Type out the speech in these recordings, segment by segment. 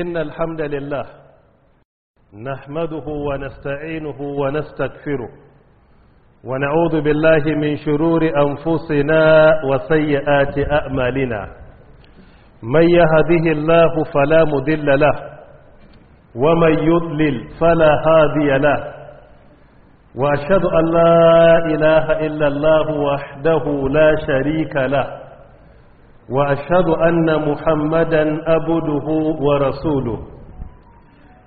إن الحمد لله نحمده ونستعينه ونستغفره ونعوذ بالله من شرور أنفسنا وسيئات أعمالنا من يهده الله فلا مدل له ومن يضلل فلا هادي له وأشهد أن لا إله إلا الله وحده لا شريك له وأشهد أن محمدا أبده ورسوله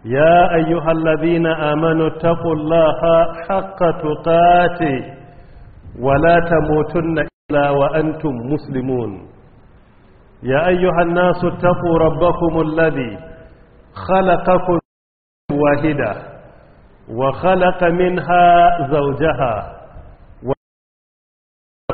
يا أيها الذين آمنوا اتقوا الله حق تقاته ولا تموتن إلا وأنتم مسلمون يا أيها الناس اتقوا ربكم الذي خلقكم واحدة وخلق منها زوجها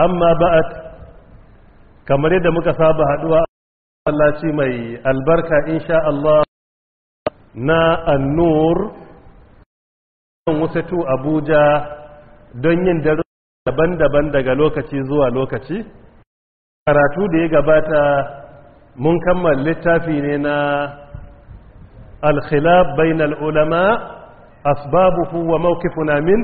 amma ba'at kamar yadda muka saba haduwa masallaci mai albarka insha Allah na annur wasu abuja don yin daru daban-daban daga lokaci zuwa lokaci karatu da ya gabata mun kammala littafi ne na alkhilaf bainal ulama asbabuhu wa mawqifuna min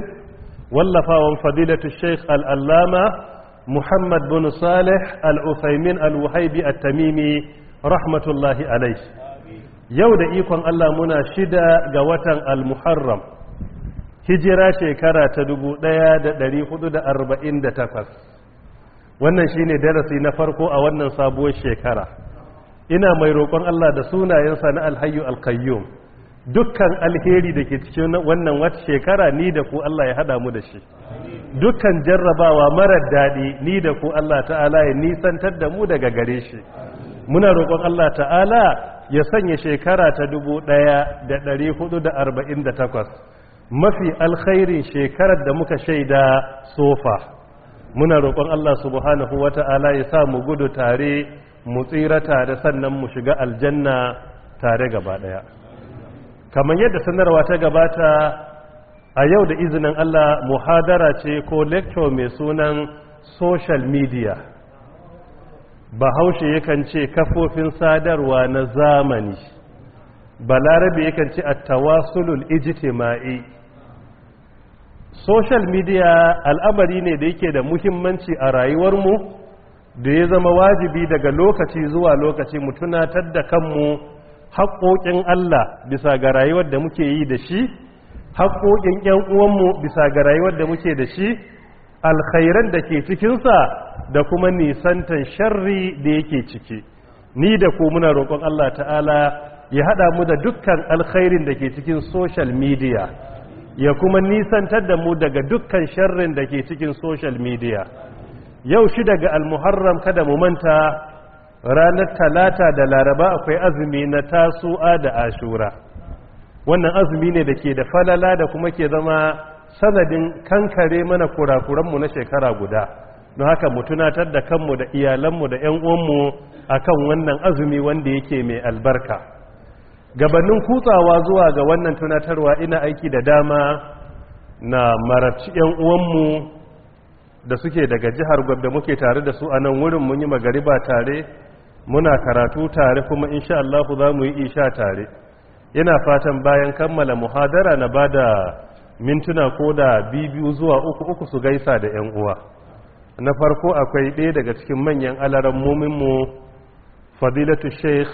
wallafawan fadilatu Sheikh al alama muhammad bin salih al-usaimin al-wahaibi at rahmatullahi alaihi yau da ikon allah muna shida ga watan almuharram. hijira shekara ta dubu ɗaya da da da ɗari arba'in takwas wannan shine darasi na farko a wannan sabuwar shekara ina mai roƙon allah da sunayensa na alhayyu al dukkan alheri da ke cikin wannan wata shekara ni da ku Allah ya hada mu da shi dukkan jarrabawa marar daɗi ni da ku Allah ta'ala ya nisantar da mu daga gare shi muna roƙon Allah ta'ala ya sanya shekara ta dubu ɗaya da da arba'in da takwas mafi alkhairin shekarar da muka shaida sofa muna roƙon Allah subhanahu wa ta'ala ya sa mu gudu tare mu tsira tare sannan mu shiga aljanna tare gaba ɗaya kamar yadda sanarwa ta gabata a yau da izinin Allah muhadara ce ko lecture mai sunan social media bahaushe yakan ce kafofin sadarwa na zamani balarabe yakan ce attawasulul ijtima'i social media al'amari ne da yake da muhimmanci a rayuwarmu da ya zama wajibi daga lokaci zuwa lokaci mu tunatar da kanmu haƙoƙin Allah bisa ga rayuwar da muke yi da shi haƙoƙin ‘yan uwanmu bisa ga rayuwar da muke da shi alkhairan da ke cikinsa da kuma nisantan sharri da yake ciki ni da ku muna roƙon Allah ta'ala ya haɗa mu da dukkan alkhairin da ke cikin social media ya kuma nisantar da mu daga dukkan sharrin da ke cikin social media yau shi daga almuharram kada mu manta ranar talata da laraba akwai azumi na tasu'a da ashura wannan azumi ne da ke da falala da kuma ke zama sanadin kankare mana kurakuranmu na shekara guda don haka mu tunatar da kanmu da iyalanmu da 'yan uwanmu kan wannan azumi wanda yake mai albarka gabanin kutsawa zuwa ga wannan tunatarwa ina aiki da dama na marabci 'yan uwanmu da suke daga jihar gwabda muke tare da su a nan wurin mun yi magariba tare muna karatu tare kuma insha Allah za mu yi isha tare ina fatan bayan kammala muhadara na bada mintuna ko da bibiyu zuwa uku uku su gaisa da 'yan uwa na farko akwai ɗaya daga cikin manyan alaran mu fadilatu sheikh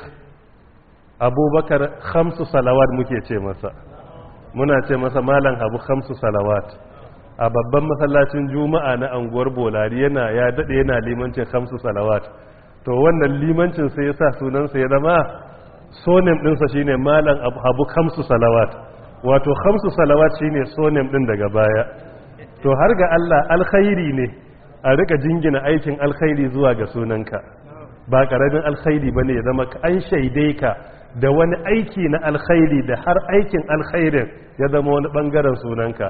abubakar hamsu salawat muke ce masa muna ce masa malam habu hamsu salawat a babban masallacin juma'a na anguwar bolari yana ya daɗe yana limancin hamsu salawat to wannan limancin sai ya sa sunansa ya zama sonem ɗinsa shine malam abu kamsu salawat wato kamsu salawat shine sonem ɗin daga baya to har ga Allah alkhairi ne a rika jingina aikin alkhairi zuwa ga sunanka ba karamin alkhairi bane ya zama an shaide ka da wani aiki na alkhairi da har aikin alkhairin ya zama wani bangaren sunanka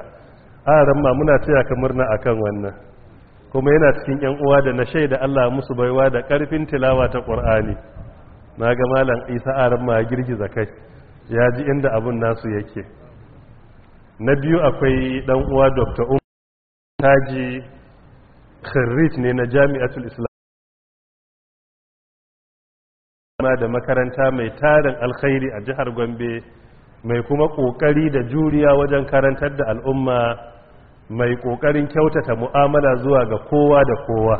a ramma muna tsaya ka murna akan wannan kuma yana cikin yan uwa da na shaida Allah musu baiwa da ƙarfin tilawa ta Qur'ani na ga malam Isa Aran ma girgiza kai ya ji inda abun nasu yake na biyu akwai ɗan uwa Dr. Umar Taji Khirrit ne na Jami'atul Islam da makaranta mai tarin alkhairi a jihar Gombe mai kuma kokari da juriya wajen karantar da al'umma mai ƙoƙarin kyautata mu'amala zuwa ga kowa da kowa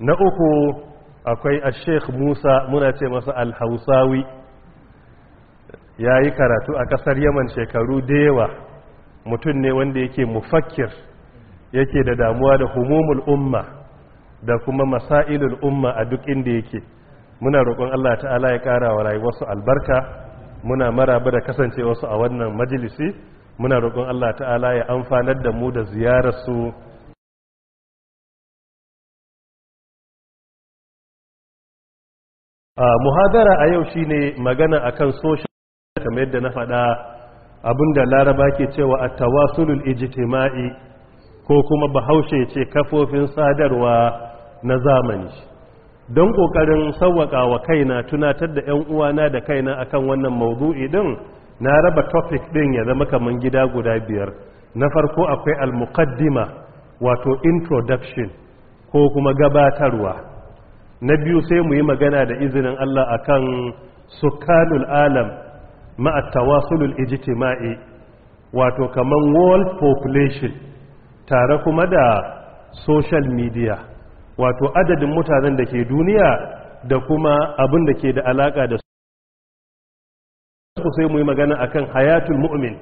na uku akwai a sheikh musa muna ce masa alhausawi ya yi karatu a ƙasar yaman shekaru da yawa mutum ne wanda yake mufakkir yake da damuwa da humumul umma da kuma masailul umma a duk inda yake muna roƙon allah ta'ala ya ƙara wa rayuwarsu albarka muna maraba da kasancewarsu a wannan majalisi muna roƙon Allah ta'ala ya amfanar da mu da ziyararsu a muhadara a yau shine magana akan social kamar yadda na faɗa abinda laraba ke cewa a tawasulul ijtima'i ko kuma bahaushe ce kafofin sadarwa na zamani don ƙoƙarin sauwaƙa wa kaina tunatar da 'yan uwana da kaina akan wannan mawudu'i din na raba topic din ya zama kaman gida guda biyar na farko akwai al-muqaddima wato introduction ko kuma gabatarwa na biyu sai mu yi magana da izinin Allah akan sukanul alam ma'a tawasulul ijtima'i wato kaman world population tare kuma da social media wato adadin mutanen da ke duniya da kuma abin da ke da alaka da ku sai mu yi magana akan hayatul mu'min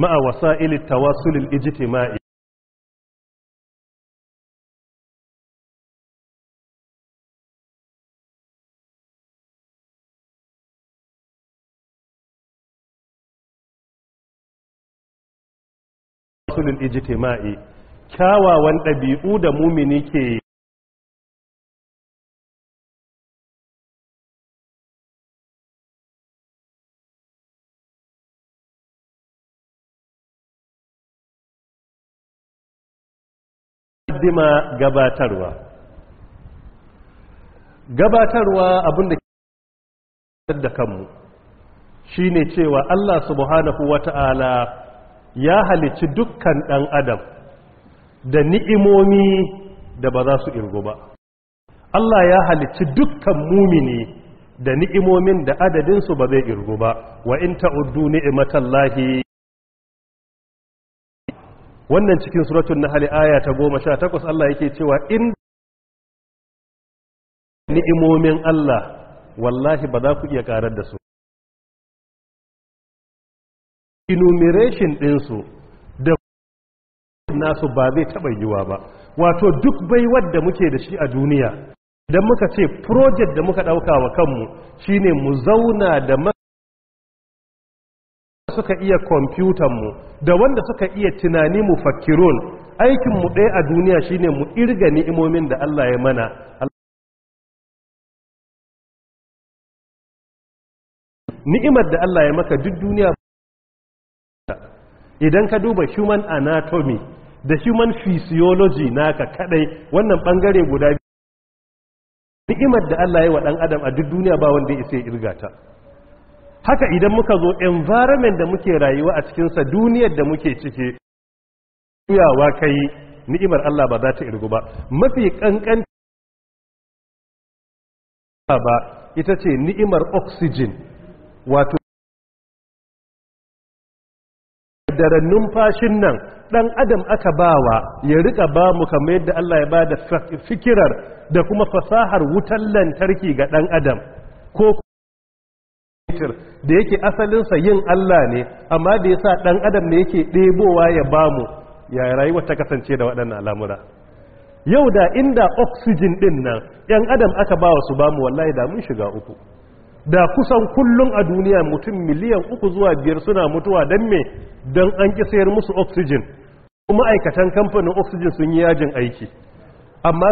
ma'a wasa'ilit tawasulil ijtima'i tawasulil ijtima'i kyawawan ɗabi'u da mumini ke muqaddima gabatarwa gabatarwa da ke da kanmu shine cewa Allah subhanahu wata'ala ya halicci dukkan dan adam da ni'imomi da ba za su irgo ba Allah ya halicci dukkan mumini da ni'imomin da adadinsu ba zai irgu ba wa in ta'uddu ni'matallahi wannan cikin suratul nahl aya ta takwas Allah yake cewa in ni'imomin Allah wallahi ba za ku iya karar da su enumeration ɗinsu da nasu ba zai taɓa yiwa ba wato duk baiwar da muke da shi a duniya idan muka ce project da muka ɗauka wa kanmu shine mu zauna da suka iya mu da wanda suka iya tunani mu fakirun mu ɗaya a duniya shine mu irga ni'imomin da Allah ya mana ni'imar da Allah ya maka duk duniya idan ka duba human anatomy da human physiology naka kadai wannan bangare guda ni'imar da Allah ya wa dan adam a duk duniya ba wanda ya isa irga ta haka idan muka zo environment da muke rayuwa a cikinsa duniyar da muke ciki Kuyawa kai ni'imar Allah ba za ta irgu ba mafi kankan ba ita ce ni'imar oxygen wato daren numfashin nan dan adam aka bawa ya rika ba mu kamar yadda Allah ya bada fikirar da kuma fasahar wutar lantarki ga dan adam ko fitir da yake asalinsa yin Allah ne amma da yasa dan adam ne yake ɗebowa ya bamu ya rayuwa ta kasance da waɗannan al'amura yau da inda oxygen din nan yan adam aka bawa su bamu wallahi da mun shiga uku da kusan kullum a duniya mutum miliyan uku zuwa biyar suna mutuwa don me don an ƙi sayar musu oxygen kuma aikatan kamfanin oxygen sun yi yajin aiki amma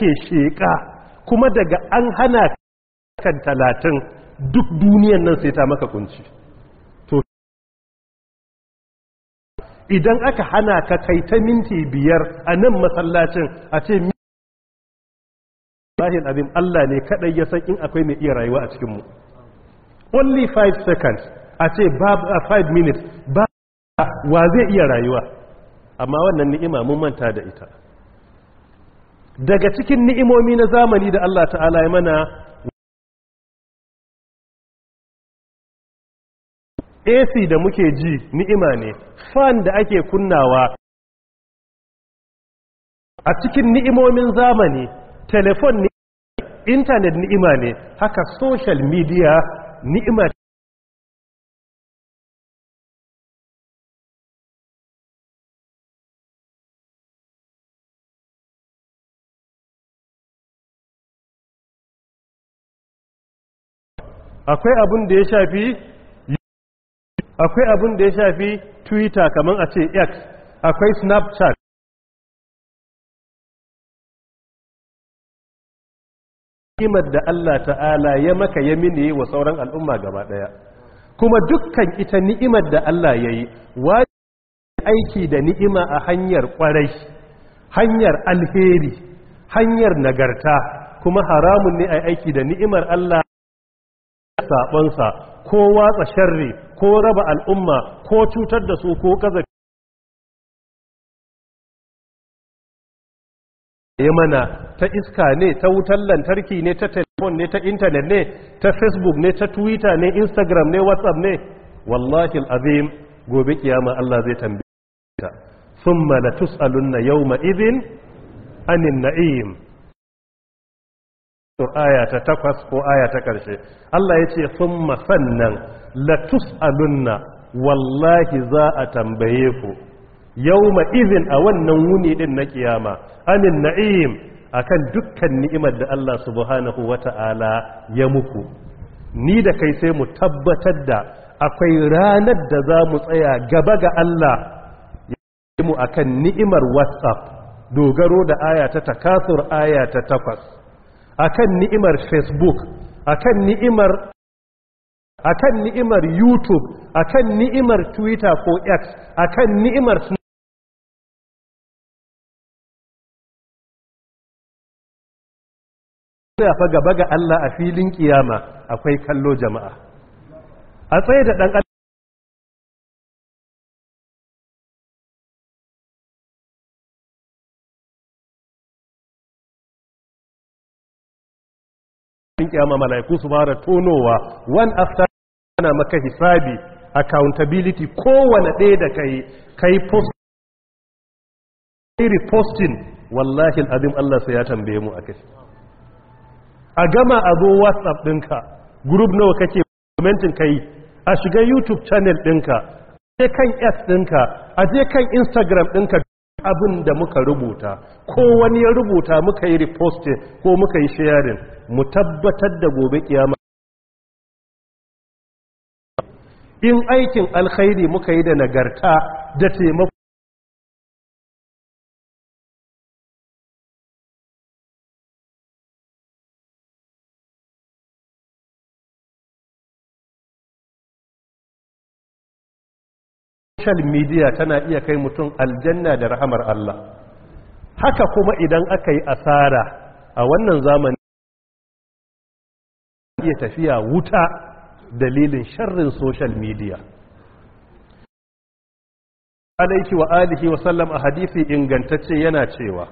ke sheƙa kuma daga an hana kan talatin duk duniyan nan sai ta maka kunci idan aka hana ka kai ta minti biyar a nan masallacin a ce lahin abin Allah ne kaɗai ya san in akwai mai iya rayuwa a cikinmu only 5 seconds a ce 5 minutes ba wa zai iya rayuwa amma wannan ni'ima mun manta da ita daga cikin ni'imomi na zamani da Allah ta'ala ya mana AC da muke ji ni'ima ne fan da ake kunnawa a cikin ni'imomin zamani telefon ne intanet ni'ima ne haka social media ni'ima akwai abin da ya shafi akwai abin da ya shafi twitter kamar a ce x akwai snapchat kimar da Allah ta'ala ya maka ya mini wa sauran al'umma gaba daya kuma dukkan ita ni'imar da Allah ya yi aiki da ni'ima a hanyar kwarai hanyar alheri hanyar nagarta kuma haramun ne a aiki da ni'imar Allah saɓonsa ko watsa sharri ko raba al'umma ko cutar dasu su ko kaza ya ta iskane ta wutar lantarki ne ta telefon ta intanet ne ta facebook ne ta twitter ne instagram ne whatsapp ne wallahi al'azim gobe kiyama Allah zai tambaye ta thumma latus'alunna yawma idhin anin na'im to aya ta takwas ko aya ta ƙarshe Allah ya ce sun masannan latus alunna wallahi za a tambaye ku yau izin a wannan wuni ɗin na kiyama amin na'im akan dukkan ni'imar da Allah subhanahu wa ta'ala ya muku ni da kai sai mu tabbatar da akwai ranar da za mu tsaya gaba ga Allah ya mu akan ni'imar whatsapp dogaro da aya ta takasur aya ta takwas akan ni'imar facebook akan ni'imar akan ni'imar youtube akan ni'imar twitter ko x akan ni'imar fa gaba ga Allah a filin kiyama akwai kallo jama'a a tsaye da ɗan kiyama mala'iku su fara tonowa one after ana maka hisabi accountability kowane ɗaya da kai kai post reposting wallahi al'azim Allah sai ya tambaye mu akai a gama a zo whatsapp ɗinka group nawa kake commenting kai a shiga youtube channel ɗinka je kan x ɗinka a je kan instagram ɗinka abin da muka rubuta ko wani ya rubuta muka yi reposting ko muka yi sharing mu tabbatar da gobe kiyama in aikin alkhairi muka yi da nagarta da taimako social media tana iya kai mutum aljanna da rahamar Allah haka kuma idan aka yi asara a wannan zamani iya tafiya wuta dalilin sharrin social media alaiki wa alihi wa sallam a hadisi ingantacce yana cewa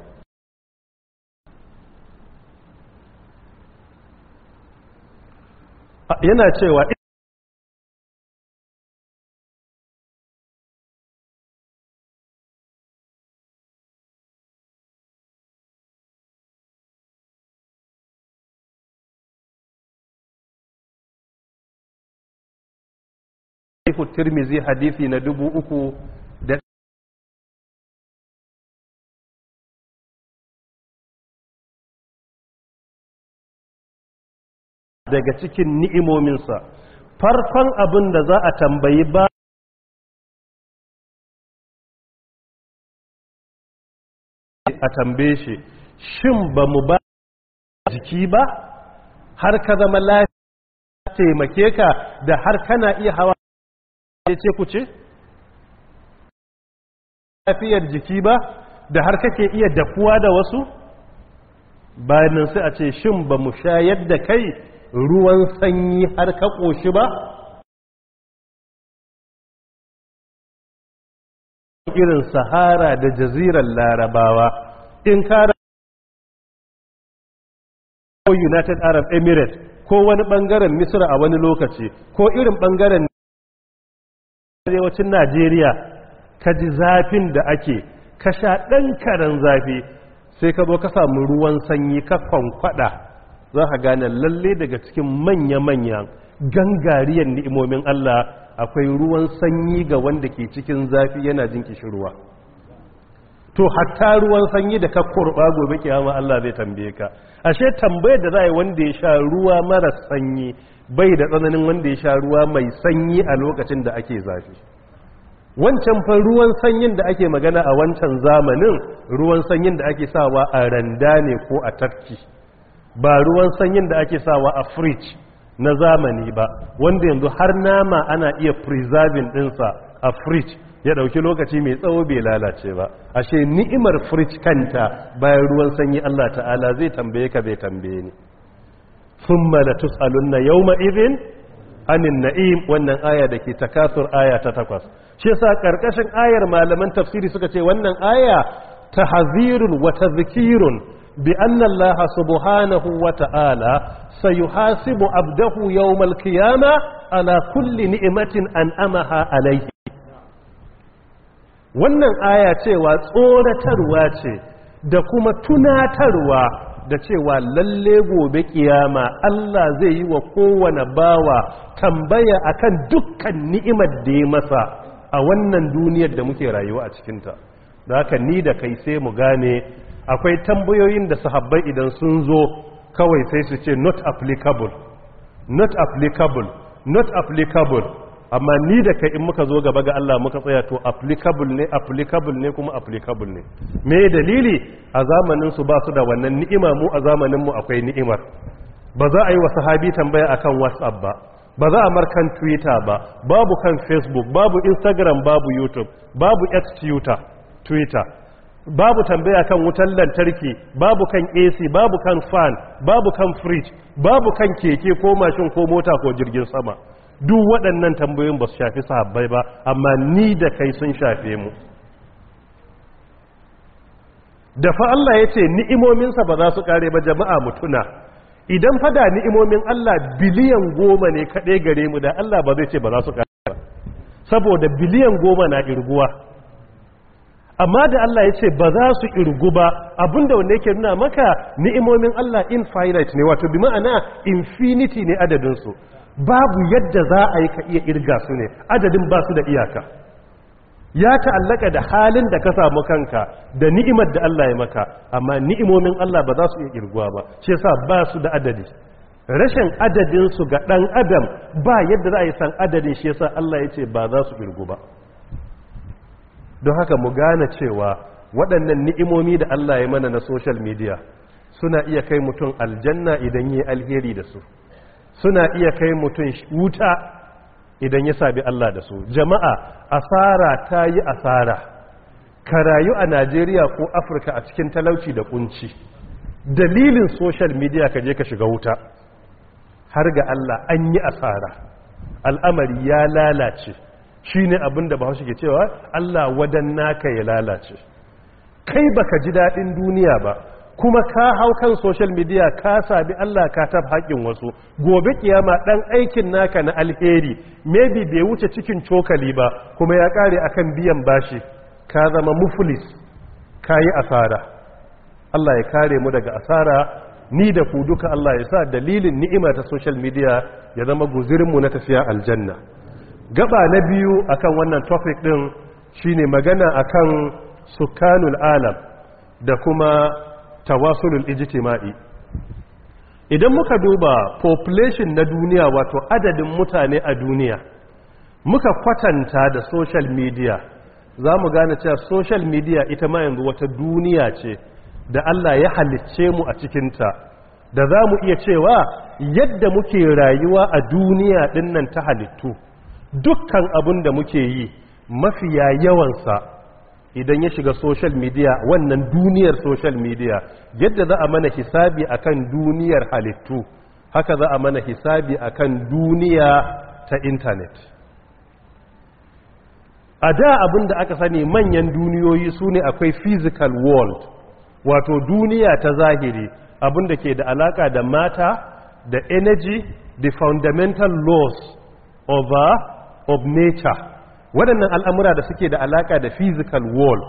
yana cewa sahihu tirmizi hadisi na dubu uku da daga cikin ni'imominsa farkon abin da za a tambayi ba a tambaye shi shin ba mu ba jiki ba har ka zama lafiya taimake ka da har kana iya hawa ya ce ku ce lafiyar jiki ba da har kake iya dafuwa da wasu bayan nan sai a ce shin ba mu shayar da kai ruwan sanyi har ka ƙoshi ba irin sahara da jaziran larabawa in kara ko united arab emirates ko wani bangaren misra a wani lokaci ko irin bangaren arewacin najeriya ka ji zafin da ake ka sha ɗan karen zafi sai ka zo ka samu ruwan sanyi ka kwankwada za ka gane lalle daga cikin manya-manyan gangariyar ni'imomin allah akwai ruwan sanyi ga wanda ke cikin zafi yana jin kishirwa to hatta ruwan sanyi da ka kurba gobe kiyama Allah zai tambaye ka ashe tambayar da za a yi wanda ya sha ruwa mara sanyi bai da tsananin wanda ya sha ruwa mai sanyi a lokacin da ake zafi wancan fa ruwan sanyin da ake magana a wancan zamanin ruwan sanyin da ake sawa a randa ne ko a tafki ba ruwan sanyin da ake sawa a fridge na zamani ba wanda yanzu har nama ana iya preserving dinsa a fridge ya dauki lokaci mai tsawo bai lalace ba ashe ni'imar fridge kanta bayan ruwan sanyi Allah ta'ala zai tambaye ka bai tambaye ni thumma latus'alunna yawma idhin anin na'im wannan aya da ke takasur aya ta takwas shi yasa karkashin ayar malaman tafsiri suka ce wannan aya tahzirun wa tadhkirun bi anna Allah subhanahu wa ta'ala sayuhasibu abdahu yawmal qiyama ala kulli ni'matin an'amaha alayhi wannan aya cewa tsoratarwa ce da kuma tunatarwa da cewa lalle gobe kiyama Allah zai yi wa kowane bawa tambaya akan dukkan ni'imar da ya masa a wannan duniyar da muke rayuwa a cikinta da haka ni da kai sai mu gane akwai tambayoyin da sahabbai idan sun zo kawai sai su ce not applicable not applicable not applicable amma ni da kai in muka zo gaba ga Allah muka tsaya to applicable ne applicable ne kuma applicable ne me dalili a zamanin su ba su da wannan ni'ima mu a zamanin mu akwai ni'imar ba za a yi wa sahabi tambaya akan WhatsApp ba ba za a markan Twitter ba babu kan Facebook babu Instagram babu YouTube babu X Twitter Twitter babu tambaya kan wutar lantarki babu kan AC babu kan fan babu kan fridge babu kan keke ko mashin ko mota ko jirgin sama duk waɗannan tambayoyin ba su shafi sahabbai ba amma ni da kai sun shafe mu da fa Allah ya ce ni'imominsa ba za su kare ba jama'a mutuna idan fa da ni'imomin Allah biliyan goma ne kaɗai gare mu da Allah ba zai ce ba za su kare ba saboda biliyan goma na irguwa amma da Allah ya ce ba za su irgu ba abinda wanda yake nuna maka ni'imomin Allah infinite ne wato bi ma'ana infinity ne adadinsu babu yadda za a yi ka iya irga su ne adadin ba su da iyaka ya ta'allaka da halin da ka samu kanka da ni'imar da Allah ya maka amma ni'imomin Allah ba za su iya irguwa ba shi sa ba su da adadi rashin adadin su ga dan adam ba yadda za a yi san adadin shi yasa Allah ya ce ba za su irgu ba don haka mu gane cewa waɗannan ni'imomi da Allah ya mana na social media suna iya kai mutum aljanna idan yi alheri da su suna iya kai mutum wuta idan ya sabi Allah da su jama'a asara ta yi asara ka rayu a najeriya ko afirka a cikin talauci da kunci dalilin social media ka je ka shiga wuta har ga Allah an yi asara al'amari ya lalace shi ne da ba ke cewa Allah wadan naka ya lalace kai baka ji daɗin duniya ba kuma ka hau kan social media ka sabi Allah ka tab haƙin wasu gobe kiyama dan aikin naka na alheri maybe bai wuce cikin cokali ba kuma ya kare akan biyan bashi ka zama muflis ka yi asara Allah ya kare mu daga asara ni da ku duka Allah ya sa dalilin ni'ima ta social media ya zama mu na tafiya aljanna gaba na biyu akan wannan topic din shine magana akan sukanul alam da kuma tawasulul ijtima'i idan muka duba population na duniya wato adadin mutane a duniya muka kwatanta da social media za mu gane cewa social media ita ma yanzu wata duniya ce da Allah ya halicce mu a cikinta da za mu iya cewa yadda muke rayuwa a duniya dinnan ta halittu dukkan abin da muke yi mafiya yawansa idan ya shiga social media wannan duniyar social media yadda za a mana hisabi akan duniyar halittu haka za a mana hisabi akan duniya ta intanet a da abin da aka sani manyan duniyoyi su ne akwai physical world wato duniya ta zahiri abin da ke da alaka da mata da energy the fundamental laws of, uh, of nature waɗannan al'amura da suke da alaƙa da physical wall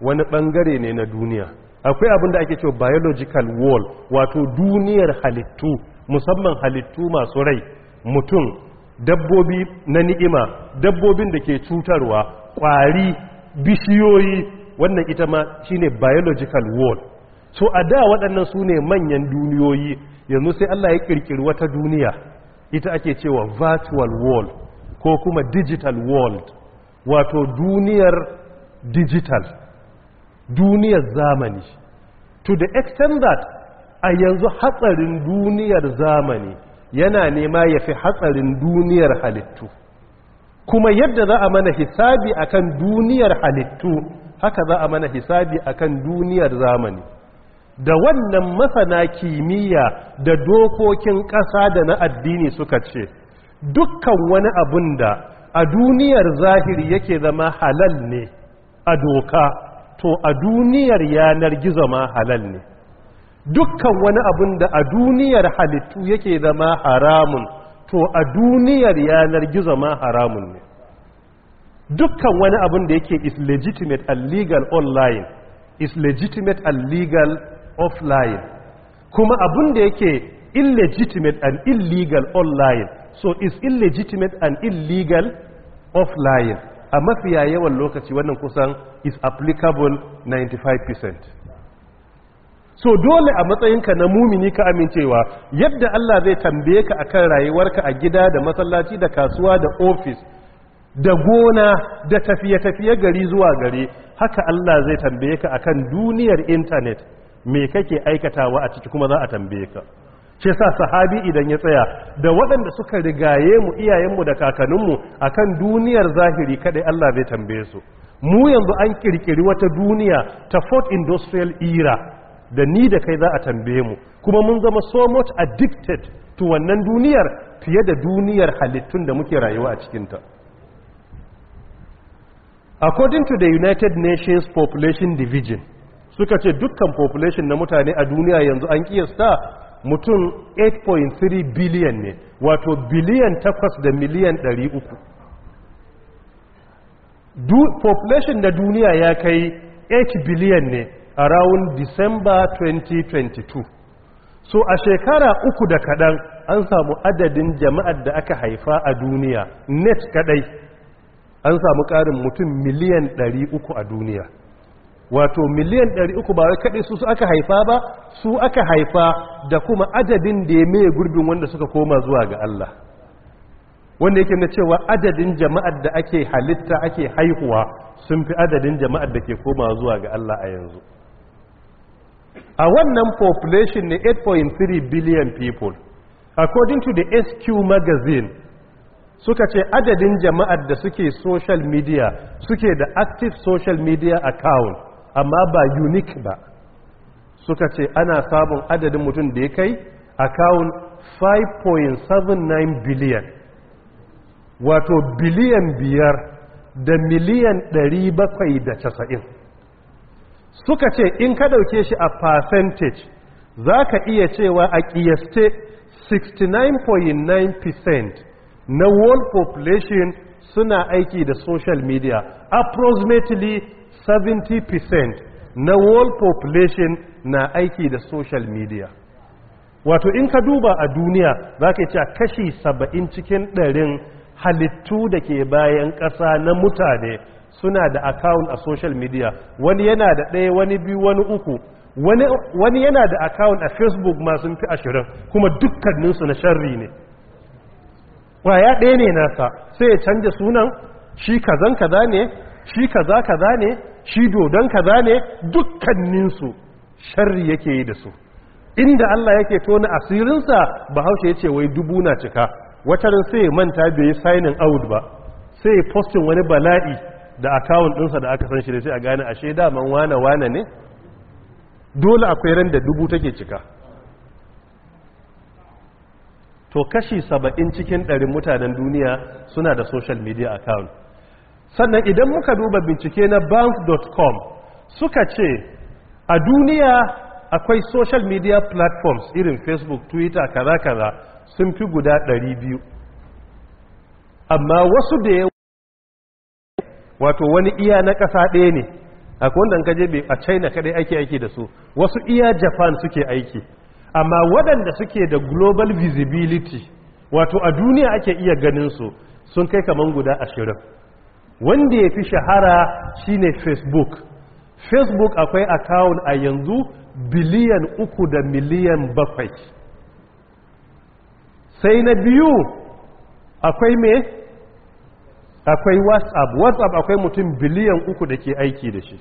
wani ɓangare ne na duniya akwai abin da ake cewa biological wall wato duniyar halittu musamman halittu masu rai mutum dabbobi na ni'ima dabbobin da ke cutarwa ƙwari bishiyoyi wannan ita ma shine biological wall so a da waɗannan su ne manyan duniyoyi yanzu sai Allah ya ƙirƙiri wata duniya ita ake cewa virtual wall ko kuma digital world wato duniyar digital duniyar zamani to the extent that a yanzu hatsarin duniyar zamani yana nema ya fi hatsarin duniyar halittu kuma yadda za a mana hisabi akan duniyar halittu haka za a mana hisabi akan duniyar zamani da wannan masana kimiyya da dokokin ƙasa da na addini suka ce dukkan wani abun da a duniyar zahiri yake zama halal ne a doka to a duniyar yanar gizo ma halal ne dukkan wani abun da a duniyar halittu yake zama haramun to a duniyar yanar gizo ma haramun ne dukkan wani abun da yake is legitimate and legal online is legitimate and legal offline kuma abun da yake illegitimate and illegal online so is illegitimate and illegal of lying a mafiya yawan lokaci wannan kusan is applicable 95% so dole a matsayinka na mumini ka amincewa yadda Allah zai tambaye ka akan rayuwarka a gida da masallaci da kasuwa da ofis da gona da tafiye-tafiye gari zuwa gari haka Allah zai tambaye ka akan duniyar intanet me kake aikatawa a ciki kuma za a tambaye ka ce sa sahabi idan ya tsaya da waɗanda suka rigaye mu iyayenmu da kakanninmu a kan duniyar zahiri kaɗai Allah zai tambaye su mu yanzu an ƙirƙiri wata duniya ta fourth industrial era da ni da kai za a tambaye mu kuma mun zama so much addicted to wannan duniyar fiye da duniyar halittun da muke rayuwa a cikinta according to the united nations population division suka ce dukkan population na mutane a duniya yanzu an kiyasta mutum 8.3 biliyan ne wato biliyan takwas da miliyan 300 population da duniya ya kai 8 biliyan ne a rawun december 2022 so a shekara uku da kaɗan an samu adadin jama'ar da aka haifa a duniya net kadai an samu ƙarin mutum miliyan 300 a duniya wato miliyan 300 ba wai kaɗai su su aka haifa ba su aka haifa da kuma adadin da ya mai gurbin wanda suka koma zuwa ga Allah wanda yake na cewa adadin jama'ar da ake halitta ake haihuwa sun fi adadin jama'ar da ke koma zuwa ga Allah a yanzu a wannan population ne 8.3 billion people according to the SQ magazine suka ce adadin jama'ar da suke social media suke da active social media account amma ba unique ba suka ce ana sabon adadin mutum da ya kai akawun 5.79 biliyan wato biliyan biyar da miliyan 790 suka ce in ka ɗauke shi a percentage za ka iya cewa a ƙiyaste 69.9% na world population suna aiki da social media approximately 70% na world population na aiki da social media wato in ka duba a duniya za ka ce kashi 70 cikin ɗarin halittu da ke bayan ƙasa na mutane suna da account a social media wani yana da ɗaya wani biyu wani uku wani yana da account a facebook masu fi ashirin kuma dukkaninsu na sharri ne ƙwaya ɗaya ne nasa sai ya canja sunan shi kazan kaza ne shi kaza kaza ne shi dodon kaza ne dukkaninsu shari yake yi da su inda Allah yake tona asirinsa bahaushe ya ce wai dubu na cika watan sai manta bai yi signing out ba sai postin wani bala'i da akawun ɗinsa da aka san shi da sai a gane ashe daman wana wana ne dole akwai ran da dubu take cika to kashi saba'in cikin ɗarin mutanen duniya suna da social media account sannan idan muka duba bincike na bank.com suka ce a duniya akwai social media platforms irin facebook twitter kaza-kaza sun fi guda 200 amma wasu da ya wato wani iya na kasa ɗaya ne a wanda ka je a china kadai ake aiki da su wasu iya japan suke aiki amma waɗanda suke da global visibility wato a duniya ake iya ganin su sun kai kaman guda ashirin wanda ya fi shahara shine facebook facebook akwai account a yanzu biliyan uku da miliyan bakwai sai na biyu akwai me akwai whatsapp whatsapp akwai mutum biliyan uku da ke aiki da shi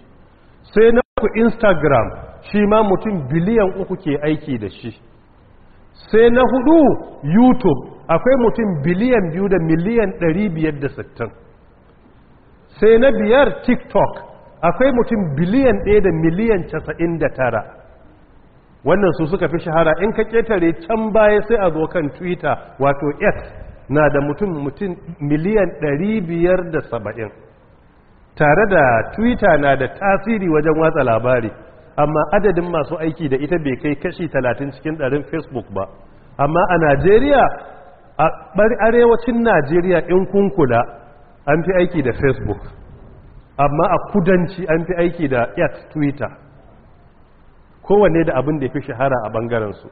sai na uku instagram shi ma mutum biliyan uku ke aiki da shi sai na hudu youtube akwai mutum biliyan biyu da miliyan ɗari biyar da sittin sai na biyar tiktok akwai mutum biliyan ɗaya da miliyan casa'in da tara wannan su suka fi shahara in ka ƙetare can baya sai a zo kan twitter wato x na da mutum mutum miliyan ɗari biyar da saba'in tare da twitter na da tasiri wajen watsa labari amma adadin masu aiki da ita bai kai kashi talatin cikin ɗarin facebook ba amma a najeriya a arewacin najeriya in kun kula an fi aiki da facebook amma a kudanci an fi aiki da x twitter kowanne da abin da ya fi shahara a ɓangarensu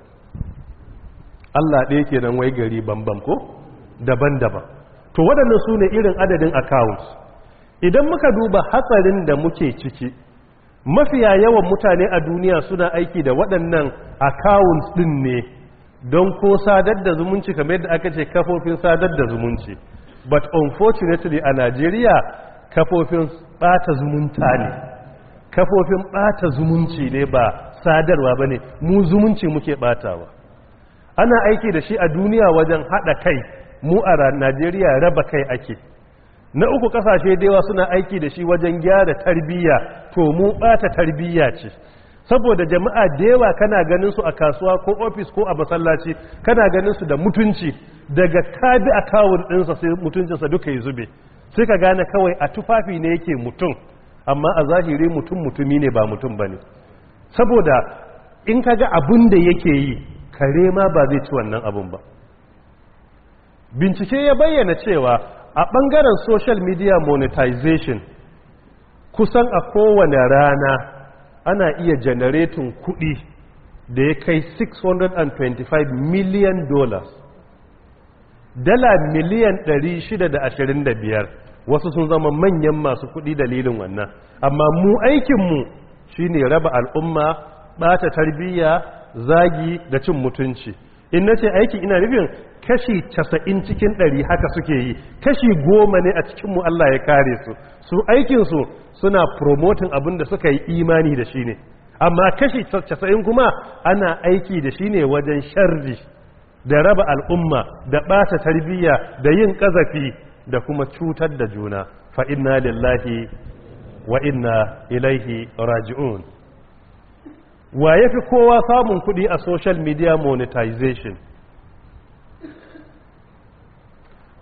allah ɗaya ke nan wai gari bambam ko daban-daban to waɗannan su ne irin adadin accounts idan muka duba hatsarin da muke ciki mafiya yawan mutane a duniya suna aiki da waɗannan accounts ɗin ne don ko sadar da zumunci kamar yadda aka ce kafofin sadar da zumunci but unfortunately a Najeriya kafofin bata zumunta ne kafofin bata zumunci ne ba sadarwa ba ne mu zumunci muke batawa ana aiki da shi a duniya wajen hada kai mu a Najeriya raba kai ake na uku kasashe da yawa suna aiki da shi wajen gyara tarbiyya to mu bata tarbiyya ce saboda jama'a da yawa kana ganin su a kasuwa ko ofis ko a masallaci kana ganin su da mutunci daga kadi a kawun ɗinsa sai mutuncinsa duka yi zube sai ka gane kawai a tufafi ne yake mutum amma a zahiri mutum mutumi ne ba mutum ba saboda in ka ga abin da yake yi kare ma ba zai ci wannan abin ba bincike ya bayyana cewa a ɓangaren social media monetization kusan a kowane rana ana iya janaretin kuɗi da ya kai 625 miliyan dollars dala miliyan 625 wasu sun zama manyan masu kuɗi dalilin wannan amma mu aikinmu shine raba al'umma ɓata tarbiyya zagi da cin mutunci in na ce aiki ina nufin kashi casa'in cikin ɗari haka suke yi kashi goma ne a cikinmu Allah ya kare su su aikinsu suna promotin abin da suka yi imani da shi ne amma kashi casa'in kuma ana aiki da shi ne wajen sharri da raba al'umma da ɓata tarbiyya da yin ƙazafi da kuma cutar da juna fa'ina lillahi wa inna ilaihi raji'un wa ya fi kowa samun kudi a social media monetization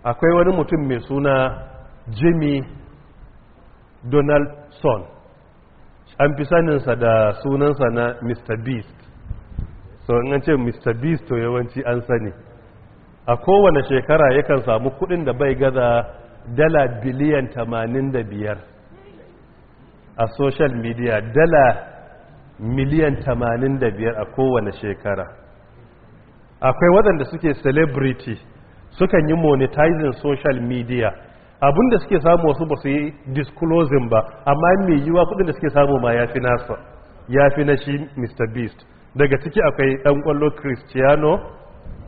akwai wani mutum mai suna jimmy donaldson an fi saninsa da sunansa na mr beast so an ce mr beast to yawanci an sani a kowane shekara yakan samu kuɗin da bai gaza dala biliyan 85 a social media dala miliyan tamanin da biyar a kowane shekara akwai waɗanda suke celebrity sukan yi monetizing social media abinda suke samu wasu ba su yi disclosing ba amma mai yiwa kudin da suke samu ma ya fi nasa ya fi na shi mr beast daga ciki akwai ɗan ƙwallo cristiano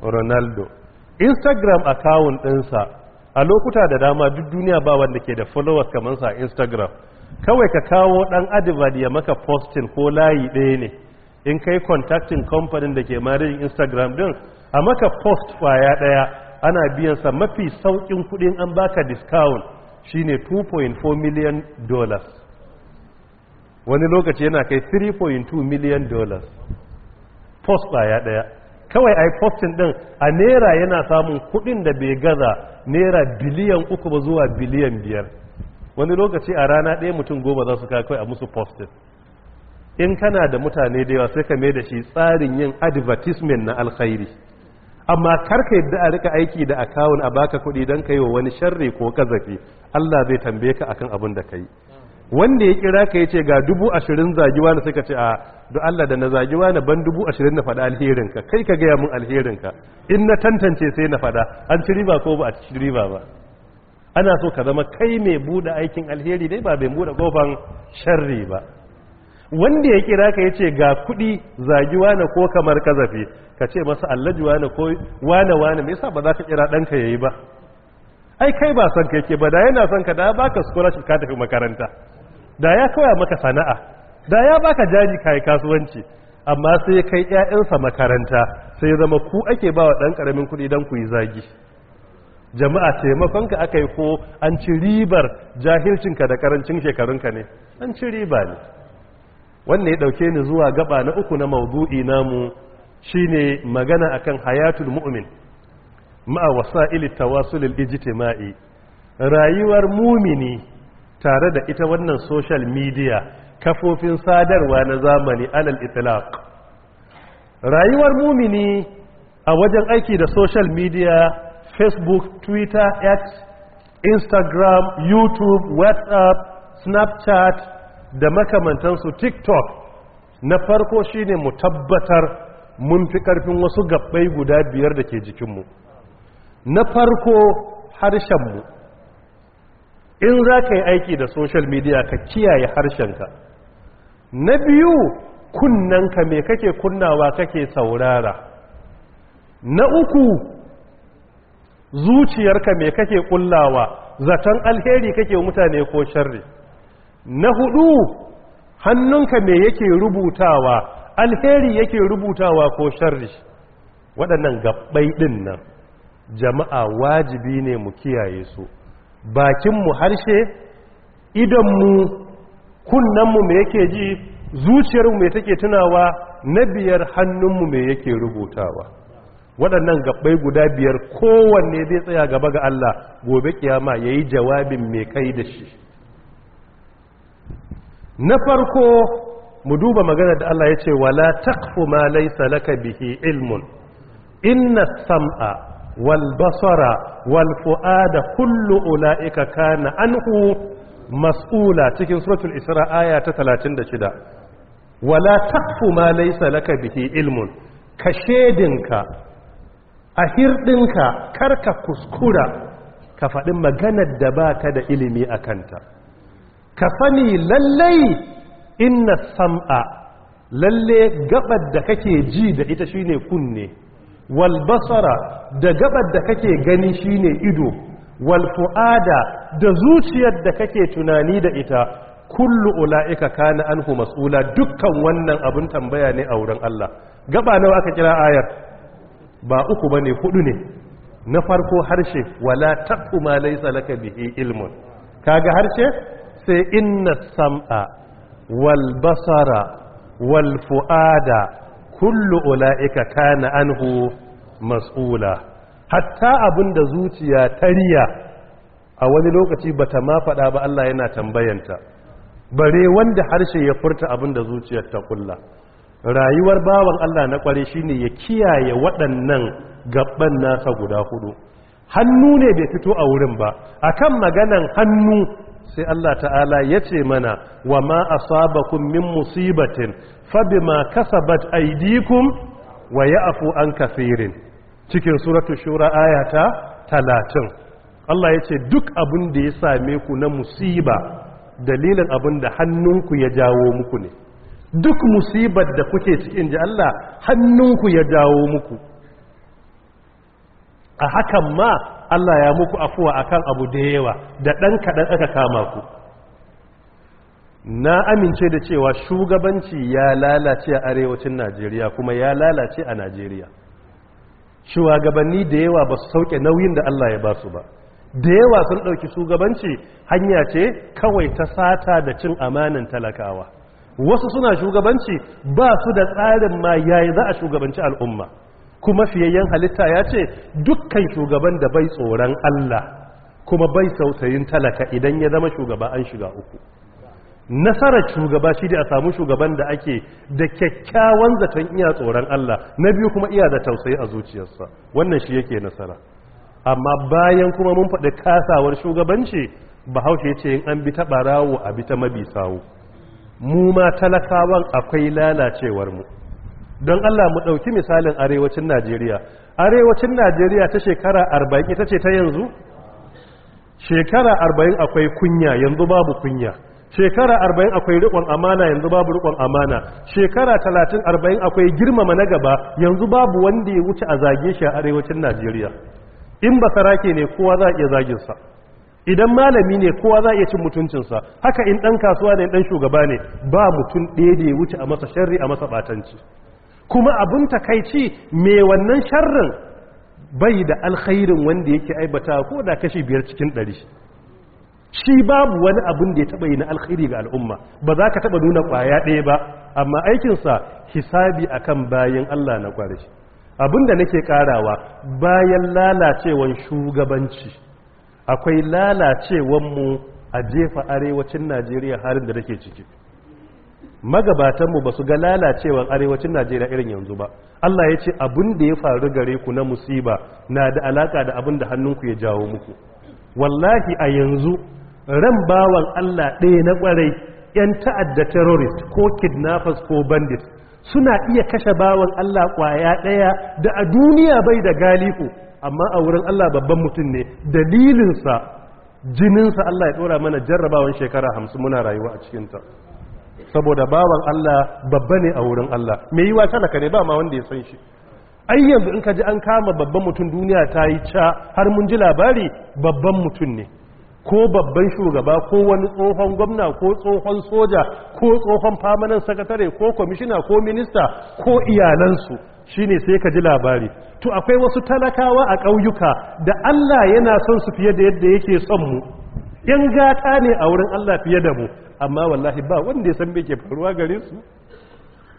ronaldo instagram account ɗinsa a lokuta da dama duk duniya ba wanda ke da followers kamar sa instagram kawai ka kawo dan advert ya maka postin ko layi ɗaya ne in kai contacting company da ke marin instagram din a maka post kwaya ɗaya ana biyan sa mafi sauƙin kuɗin an baka discount shine 2.4 million dollars wani lokaci yana kai 3.2 million dollars post kwaya ɗaya kawai a yi postin ɗin a naira yana samun kuɗin da bai gaza naira biliyan uku ba zuwa biliyan biyar wani lokaci a rana ɗaya mutum goma za su kai a musu postin in kana da mutane da yawa sai ka mai da shi tsarin yin advertisement na alkhairi amma kar ka yadda a rika aiki da akawun a baka kuɗi don ka yi wa wani sharri ko kazafi Allah zai tambaye ka akan abin da ka yi wanda ya kira ka ya ce ga dubu ashirin zagiwa na suka ce a da Allah da na zagiwa na ban dubu ashirin na faɗa alherinka kai ka gaya mun alherinka in na tantance sai na faɗa an ci riba ko ba a ci riba ba ana so ka zama kai mai buɗe aikin alheri dai ba mai buɗe ƙofan sharri ba wanda ya kira ka yace ga kuɗi zagi wane ko kamar kazafi ka ce masa allaji wane ko wane wane me yasa ba za ka kira ɗanka yi ba ai kai ba son ka yake ba da yana son ka da baka scholarship ka tafi makaranta da ya kawai maka sana'a da ya baka jaji yi kasuwanci amma sai kai 'ya'yansa makaranta sai zama ku ake ba wa ɗan ƙaramin kuɗi don ku yi zagi jama'a taimakonka aka yi ko an ci ribar jahilcinka da karancin shekarunka ne an ci riba ne wannan ya dauke ni zuwa gaba na uku na maudu'i namu shine magana akan hayatul mu'min ma'a wasa'il tawasul ijtima'i rayuwar mumini tare da ita wannan social media kafofin sadarwa na zamani alal itlaq rayuwar mumini a wajen aiki da social media facebook twitter x instagram youtube whatsapp snapchat da makamantansu tiktok na farko shine mu tabbatar mun fi karfin wasu gabbai guda biyar da ke jikinmu na farko harshenmu in za ka yi aiki da social media ka kiyaye harshenka na biyu kunnanka me kake kunnawa kake saurara na uku zuciyarka me kake kullawa zaton alheri kake mutane ko sharri na hudu hannunka me yake rubutawa alheri yake rubutawa ko sharri waɗannan gabbai ɗin nan jama'a wajibi ne mu kiyaye su bakinmu harshe idanmu kunnenmu me yake ji zuciyarmu me take tunawa na biyar hannunmu me yake rubutawa waɗannan gabbai guda biyar kowanne zai tsaya gaba ga Allah gobe kiyama yi jawabin mai kai da shi na farko mu duba magana da Allah ya ce wala taqfu ma laysa laka bihi ilmun inna sam'a wal basara wal fuada kullu ulaika kana anhu mas'ula cikin suratul isra aya ta 36 wala taqfu ma laysa laka bihi ilmun ka shedinka a hirɗinka karka kuskura ka faɗi maganar da ba ka da ilimi a kanta ka sani lallai inna sam'a lalle gabar da kake ji da ita shine kunne walbasara da gabar da kake gani shine ido walfu'ada da zuciyar da kake tunani da ita kullu ula'ika kana anhu mas'ula dukkan wannan abun tambaya ne a wurin Allah gaba nawa aka kira ayar ba uku ba ne hudu ne na farko harshe wala taɓu ma laisa laka bihi ilmun kaga harshe sai inna sam'a wal basara wal fu'ada kullu ula'ika kana anhu mas'ula hatta abinda zuciya tariya a wani lokaci bata ma faɗa ba Allah yana tambayanta bare wanda harshe ya furta abinda zuciyar ta kulla rayuwar bawan Allah na kware shine ya kiyaye waɗannan gaban nasa guda hudu hannu ne bai fito a wurin ba A kan maganan hannu sai Allah ta'ala ya ce mana wa ma asabakum min musibatin fabima kasabat aydikum wa afu an kaseerin cikin suratul shura ayata talatin. Allah ya ce duk abin da ya same ku na musiba dalilin abin da hannunku ya jawo muku ne duk musibar da kuke cikin ji Allah hannunku ya dawo muku a hakan ma Allah ya muku afuwa akan abu da yawa da ɗan kaɗan aka kama ku na amince da cewa shugabanci ya lalace a arewacin najeriya kuma ya lalace a najeriya shugabanni da yawa ba su sauke nauyin da Allah ya ba su ba da yawa sun ɗauki shugabanci hanya ce kawai ta sata da cin amanan talakawa wasu suna shugabanci ba su da tsarin ma yayi za a shugabanci al'umma kuma fiyayyen halitta ya ce dukkan shugaban da bai tsoron Allah kuma bai sautayin talaka idan ya zama shugaba an shiga uku nasarar shugaba shi da a samu shugaban da ake da kyakkyawan zaton iya tsoron Allah na biyu kuma iya da tausayi a zuciyarsa wannan shi yake nasara amma bayan kuma mun faɗi kasawar shugabanci bahaushe ce in an bi ta ɓarawo a bi ta mabi sawu mu ma talakawan akwai lalacewar mu don Allah mu ɗauki misalin arewacin Najeriya arewacin Najeriya ta shekara 40 ita ce ta yanzu shekara 40 akwai kunya yanzu babu kunya shekara 40 akwai riƙon amana yanzu babu riƙon amana shekara 30 40 akwai girmama na gaba yanzu babu wanda ya wuce a zage shi a arewacin Najeriya in ba sarake ne kowa za a iya zagin sa idan malami ne kowa za a iya cin mutuncinsa haka in ɗan kasuwa ne ɗan shugaba ne ba mutum ɗaya da ya wuce a masa sharri a masa batanci. kuma abin takaici mai wannan sharrin bai da alkhairin wanda yake aibata ko da kashi biyar cikin ɗari shi babu wani abin da ya taɓa yi na alkhairi ga al'umma ba za ka taɓa nuna ƙwaya ɗaya ba amma aikinsa hisabi a kan bayan allah na ƙwarishi abin da nake ƙarawa bayan lalacewan shugabanci akwai mu a jefa arewacin najeriya harin da take ciki magabatanmu ba su ga lalacewar arewacin najeriya irin yanzu ba allah ya ce abin da ya faru gare ku na musiba na da alaka da abun da hannunku ya jawo muku wallahi a yanzu ran bawan allah ɗaya na kwarai 'yan ta'adda terrorist ko kidnappers ko bandit suna iya kashe bawan allah ƙwaya ɗaya da a duniya bai da galihu amma a wurin Allah babban mutum ne dalilinsa jininsa Allah ya ɗora mana jarrabawan shekara hamsin muna rayuwa a cikinta saboda bawan Allah babba ne a wurin Allah Me mai wata ka ne ba ma wanda ya san shi ai yanzu in ka ji an kama babban mutum duniya ta yi ca har mun ji labari babban mutum ne ko babban shugaba ko wani tsohon gwamna ko tsohon soja ko tsohon famanan sakatare ko kwamishina ko minista ko iyalansu shine sai ka ji labari to akwai wasu talakawa a ƙauyuka da Allah yana son su fiye da yadda yake son mu yan gata ne a wurin Allah fiye da mu amma wallahi ba wanda ya san me ke faruwa gare su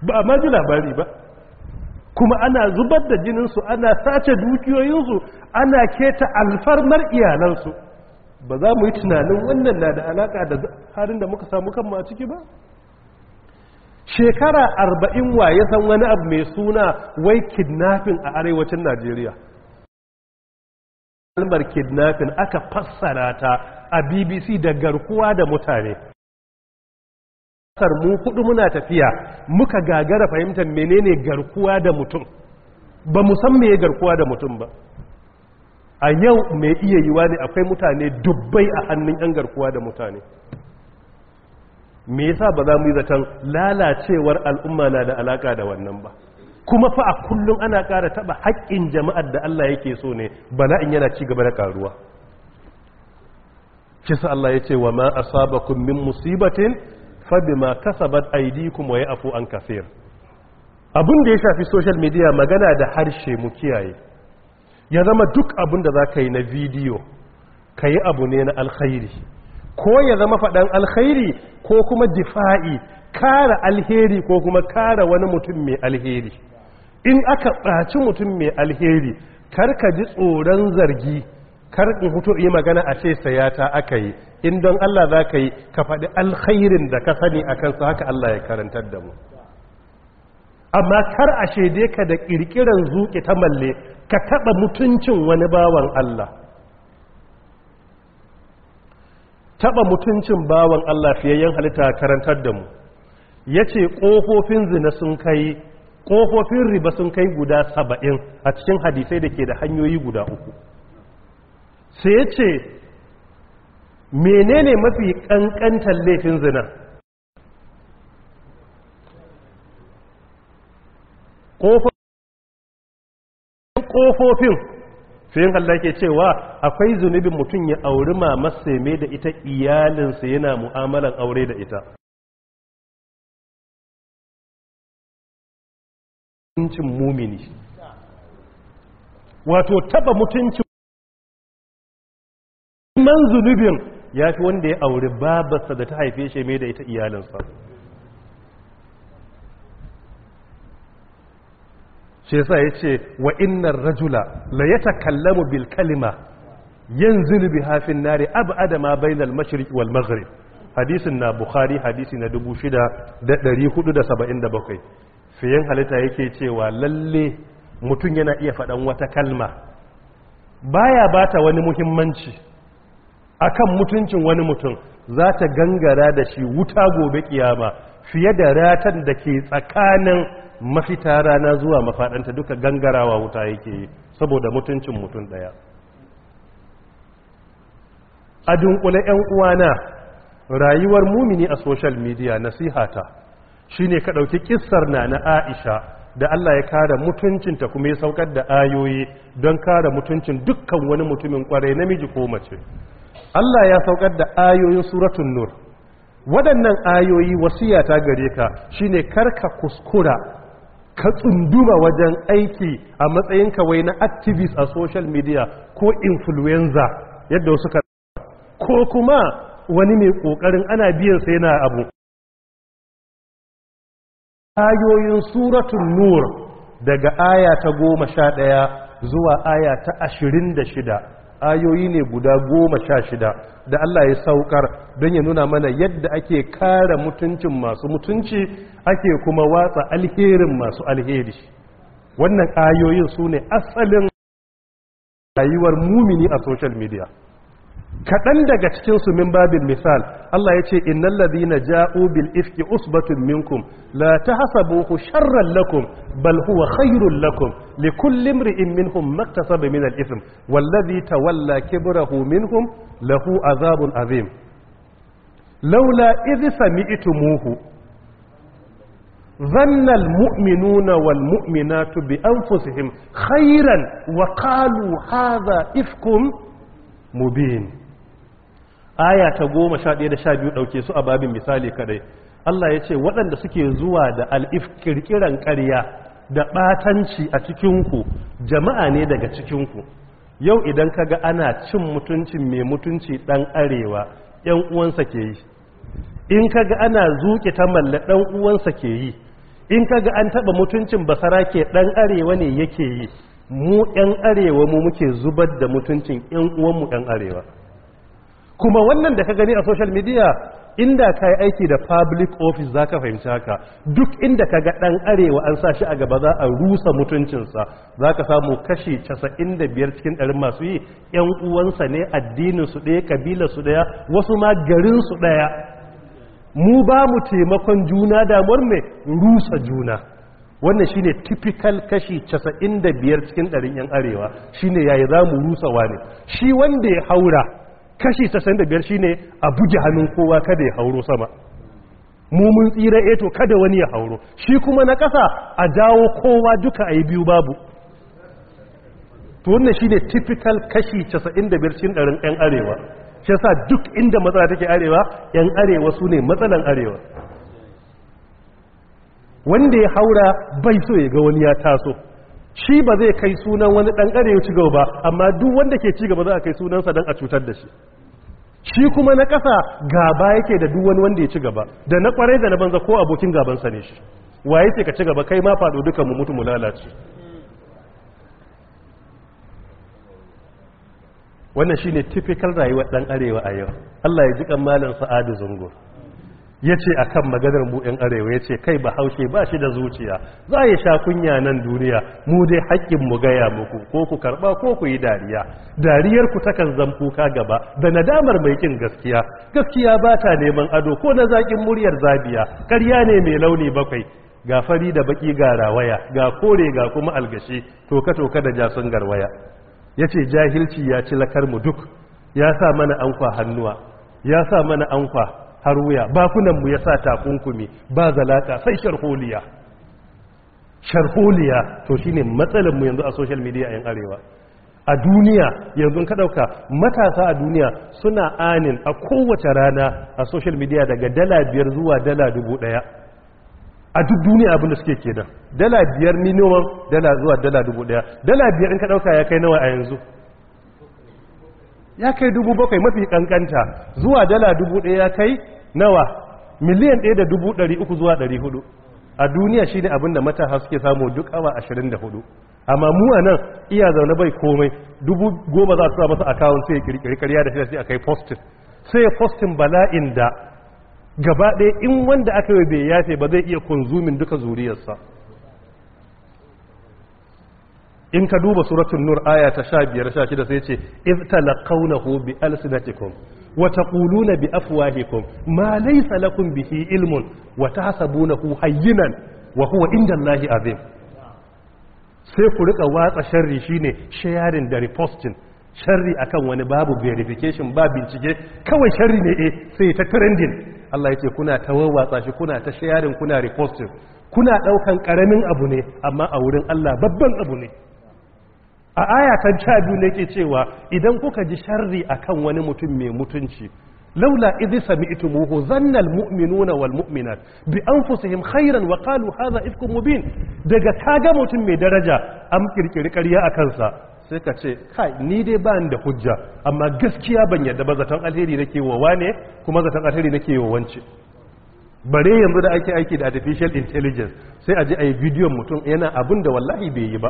ba ma ji labari ba kuma ana zubar da jininsu ana sace dukiyoyinsu ana keta alfarmar iyalansu ba za mu yi tunanin wannan na da alaƙa da harin da muka samu kanmu a ciki ba shekara arba'in wa ya san wani abu mai suna wai kidnafin a arewacin najeriya kalmar kidnafin aka fassara ta a bbc da garkuwa da mutane mu kudu muna tafiya muka gagara fahimtar menene garkuwa da mutum ba san ya garkuwa da mutum ba a yau mai iya yiwa ne akwai mutane dubbai a hannun 'yan garkuwa da mutane me yasa ba za mu yi zaton lalacewar al'umma na da alaka da wannan ba kuma fa a kullum ana ƙara taɓa haƙƙin jama'ar da Allah yake so ne in yana ci gaba da ƙaruwa kisa Allah ya ce wa ma asabakum min musibatin fa bima kasabat aydikum wa ya'fu an kaseer Abun da ya shafi social media magana da harshe mu kiyaye ya zama duk abun da za ka yi na bidiyo ka yi abu ne na alkhairi ko ya zama faɗan alkhairi ko kuma difa'i kara alheri ko kuma kara wani mutum mai alheri in aka ɓaci mutum mai alheri karka ji tsoron zargi karkin hutu yi magana a ce sayata aka yi in don Allah za ka yi ka faɗi alkhairin da ka sani a kansa haka Allah ya karantar da mu amma kar a shaide ka da ƙirƙiran zuƙi ta malle ka taɓa mutuncin wani bawan Allah taba mutuncin bawan Allah fiyayyen halitta karantar da mu yace ƙofofin zina sun kai ƙofofin riba sun kai guda saba'in a cikin hadisai da ke da hanyoyi guda uku sai ce menene mafi ƙanƙantar laifin zina ƙofofin. sai Allah ke cewa akwai zunubin mutum ya auri mamarsa mai da ita iyalinsa yana mu'amalan aure da ita mutuncin mumini wato taba mutuncin nan zunubin ya fi wanda ya auri babarsa da ta haife shi mai da ita iyalinsa shi yasa ce wa innar rajula la yatakallamu bil kalima yanzilu hafin fi nari adama bai bainal mashirik wal maghrib hadisin na bukhari hadisi na 6477 Fiyan halitta yake cewa lalle mutum yana iya faɗan wata kalma baya bata wani muhimmanci A kan mutuncin wani mutum za ta gangara da shi wuta gobe kiyama fiye da ratan da ke tsakanin mafita rana zuwa mafaɗanta duka gangarawa wuta yake yi saboda mutuncin mutum ɗaya a dunkule 'yan uwana rayuwar mumini a social media nasihata shine ka ɗauki kissar na na aisha da Allah ya kare mutuncinta kuma ya saukar da ayoyi don kare mutuncin dukkan wani mutumin kwarai namiji ko mace Allah ya saukar da ayoyin suratun nur waɗannan ayoyi wasiya ta gare ka shine karka kuskura ka tsunduma wajen aiki a matsayin kawai na activist a social media ko influenza yadda suka ka ko kuma wani mai kokarin ana biyan sai na abu ayoyin suratun nur daga aya ta goma sha ɗaya zuwa aya ta ashirin da shida ayoyi ne guda goma sha shida da Allah ya saukar don ya nuna mana yadda ake kare mutuncin masu mutunci ake kuma watsa alherin masu alheri wannan ayoyin su ne asalin rayuwar mumini a social media kaɗan daga cikinsu min babin misal Allah ya ce innan ladina ja'u bil ifki usbatun minkum la tahsabuhu sharran lakum bal huwa khairul lakum li kulli imri'in minhum maktasaba min al ism wal ladhi tawalla kibrahu minhum lahu azabun azim laula idh sami'tumuhu ظن المؤمنون والمؤمنات بأنفسهم خيرا وقالوا هذا إفك مبين aya ta goma sha ɗaya da sha biyu ɗauke su a babin misali kadai Allah ya ce waɗanda suke zuwa da al'if kirkiran ƙarya da ɓatanci a cikinku jama'a ne daga cikinku yau idan ka ga ana cin mutuncin mai mutunci ɗan arewa ‘yan uwansa ke yi in ka ga ana zuƙi ta malla ɗan uwansa ke yi in ka ga an taɓa mutuncin basara ke ɗan arewa ne yake yi mu ‘yan arewa mu muke zubar da mutuncin ‘yan uwanmu ‘yan arewa kuma wannan da ka gani a social media inda ka yi aiki da public office za ka fahimci haka duk inda ka ga ɗan arewa an sa shi a gaba za a rusa mutuncinsa za ka samu kashi 95 cikin ɗarin masu yi 'yan uwansa ne addininsu ɗaya kabila su ɗaya wasu ma garin su ɗaya mu ba mu taimakon juna damar mai rusa juna wannan shi ne typical kashi 95 cikin ɗarin 'yan arewa shi ne yayi za mu rusa wane shi wanda ya haura kashi 95 shine a buge hannun kowa kada ya hauro sama mu mun tsira eh to kada wani ya hauro shi kuma na ƙasa a jawo kowa duka a yi biyu babu to wannan shine typical kashi 95 cikin ɗarin 'yan arewa shi yasa duk inda matsala take arewa 'yan arewa su ne matsalan arewa wanda ya haura bai so ya ga wani ya taso shi ba zai kai sunan wani ɗan arewa ci gaba ba amma duk wanda ke ci gaba za a kai sunansa dan a cutar da shi shi kuma na ƙasa gaba yake da duk wani wanda ya ci gaba da na kwarai da na banza ko abokin gabansa ne shi Wa ya ce ka ci gaba kai ma faɗo duka mu mutu mu lalace wannan shi ne typical rayuwar ɗan arewa a yau Allah ya ji kan malam Sa'adu Zungur ya ce a kan maganar mu ‘yan arewa ya ce kai haushe ba shi da zuciya za a yi sha kunya nan duniya mu dai haƙƙin mu gaya muku ko ku karɓa ko ku yi dariya dariyar ku takan zan kuka gaba da nadamar mai kin gaskiya gaskiya ba ta neman ado ko na zaƙin muryar zabiya karya ne mai launi bakwai ga fari da baƙi ga rawaya ga kore ga kuma algashi toka toka da jasun garwaya ya ce jahilci ya ci lakar mu duk ya sa mana anfa hannuwa ya sa mana anfa har wuya mu ya sa takunkumi ba zalaka sai sharholiya sharholiya to shine mu yanzu a social media yan arewa a duniya yanzu ka dauka matasa a duniya suna anin a kowace rana a social media daga dala biyar zuwa dala dubu daya a duk duniya abin da suke kenan dala biyar minimum dala zuwa dala dubu daya dala biyar in ka ɗauka ya kai nawa a yanzu ya kai dubu bakwai mafi kankanta zuwa dala dubu ɗaya ya kai nawa miliyan ɗaya da dubu ɗari uku zuwa ɗari hudu a duniya shi shine abinda matasa suke samu duk awa ashirin da hudu amma mu a nan iya zaune bai komai dubu goma za su sa masa akawun sai kirkiri karya da shi sai a kai postin sai postin bala'in da gaba ɗaya in wanda aka yi bai yafe ba zai iya kunzumin duka zuriyarsa in ka duba suratun nur aya ta sha shida sai ce iz talaqawnahu bi alsinatikum wa taquluna bi afwahikum ma laysa lakum bihi ilmun wa tahsabunahu hayyinan wa huwa inda Allahi azim sai ku rika watsa sharri shine sharing da reposting sharri akan wani babu verification ba bincike kawai sharri ne eh sai ta trending Allah ce kuna ta wawwatsa shi kuna ta sharing kuna reposting kuna daukan karamin abu ne amma a wurin Allah babban abu ne a ayatan sha biyu ne ke cewa idan kuka ji sharri akan wani mutum mai mutunci laula idhi sami'tumuhu zanna almu'minuna walmu'minat bi anfusihim khairan wa qalu hadha ifkun mubin daga kaga mutum mai daraja an kirkiri ƙarya a kansa sai ka ce kai ni dai ba da hujja amma gaskiya ban yadda ba zaton alheri nake wa wane kuma zaton alheri nake wa wance bare yanzu da ake aiki da artificial intelligence sai a ji a yi bidiyon mutum yana abin da wallahi bai yi ba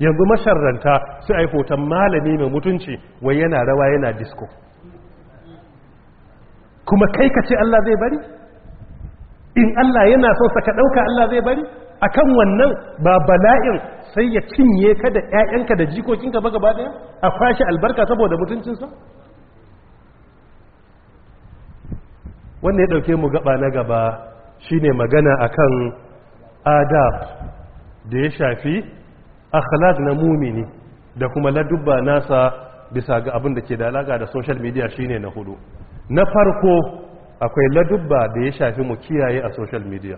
yanzu masharranta su a hoton malami mai mutunci wai yana rawa yana disko kuma kai ka ce Allah zai bari in Allah yana so saka ɗauka Allah zai bari akan wannan ba bala'in sai ya cinye ka da ƴaƴanka da jikokinka ba gaba a kwashe albarka saboda mutuncinsa wanda ya ɗauke mu gaba na gaba shine magana akan adab da ya shafi akhlaq na mumini da kuma ladubba nasa bisa ga abin da ke da alaka da social media shine na hudu na farko akwai ladubba da ya shafi mu kiyaye a social media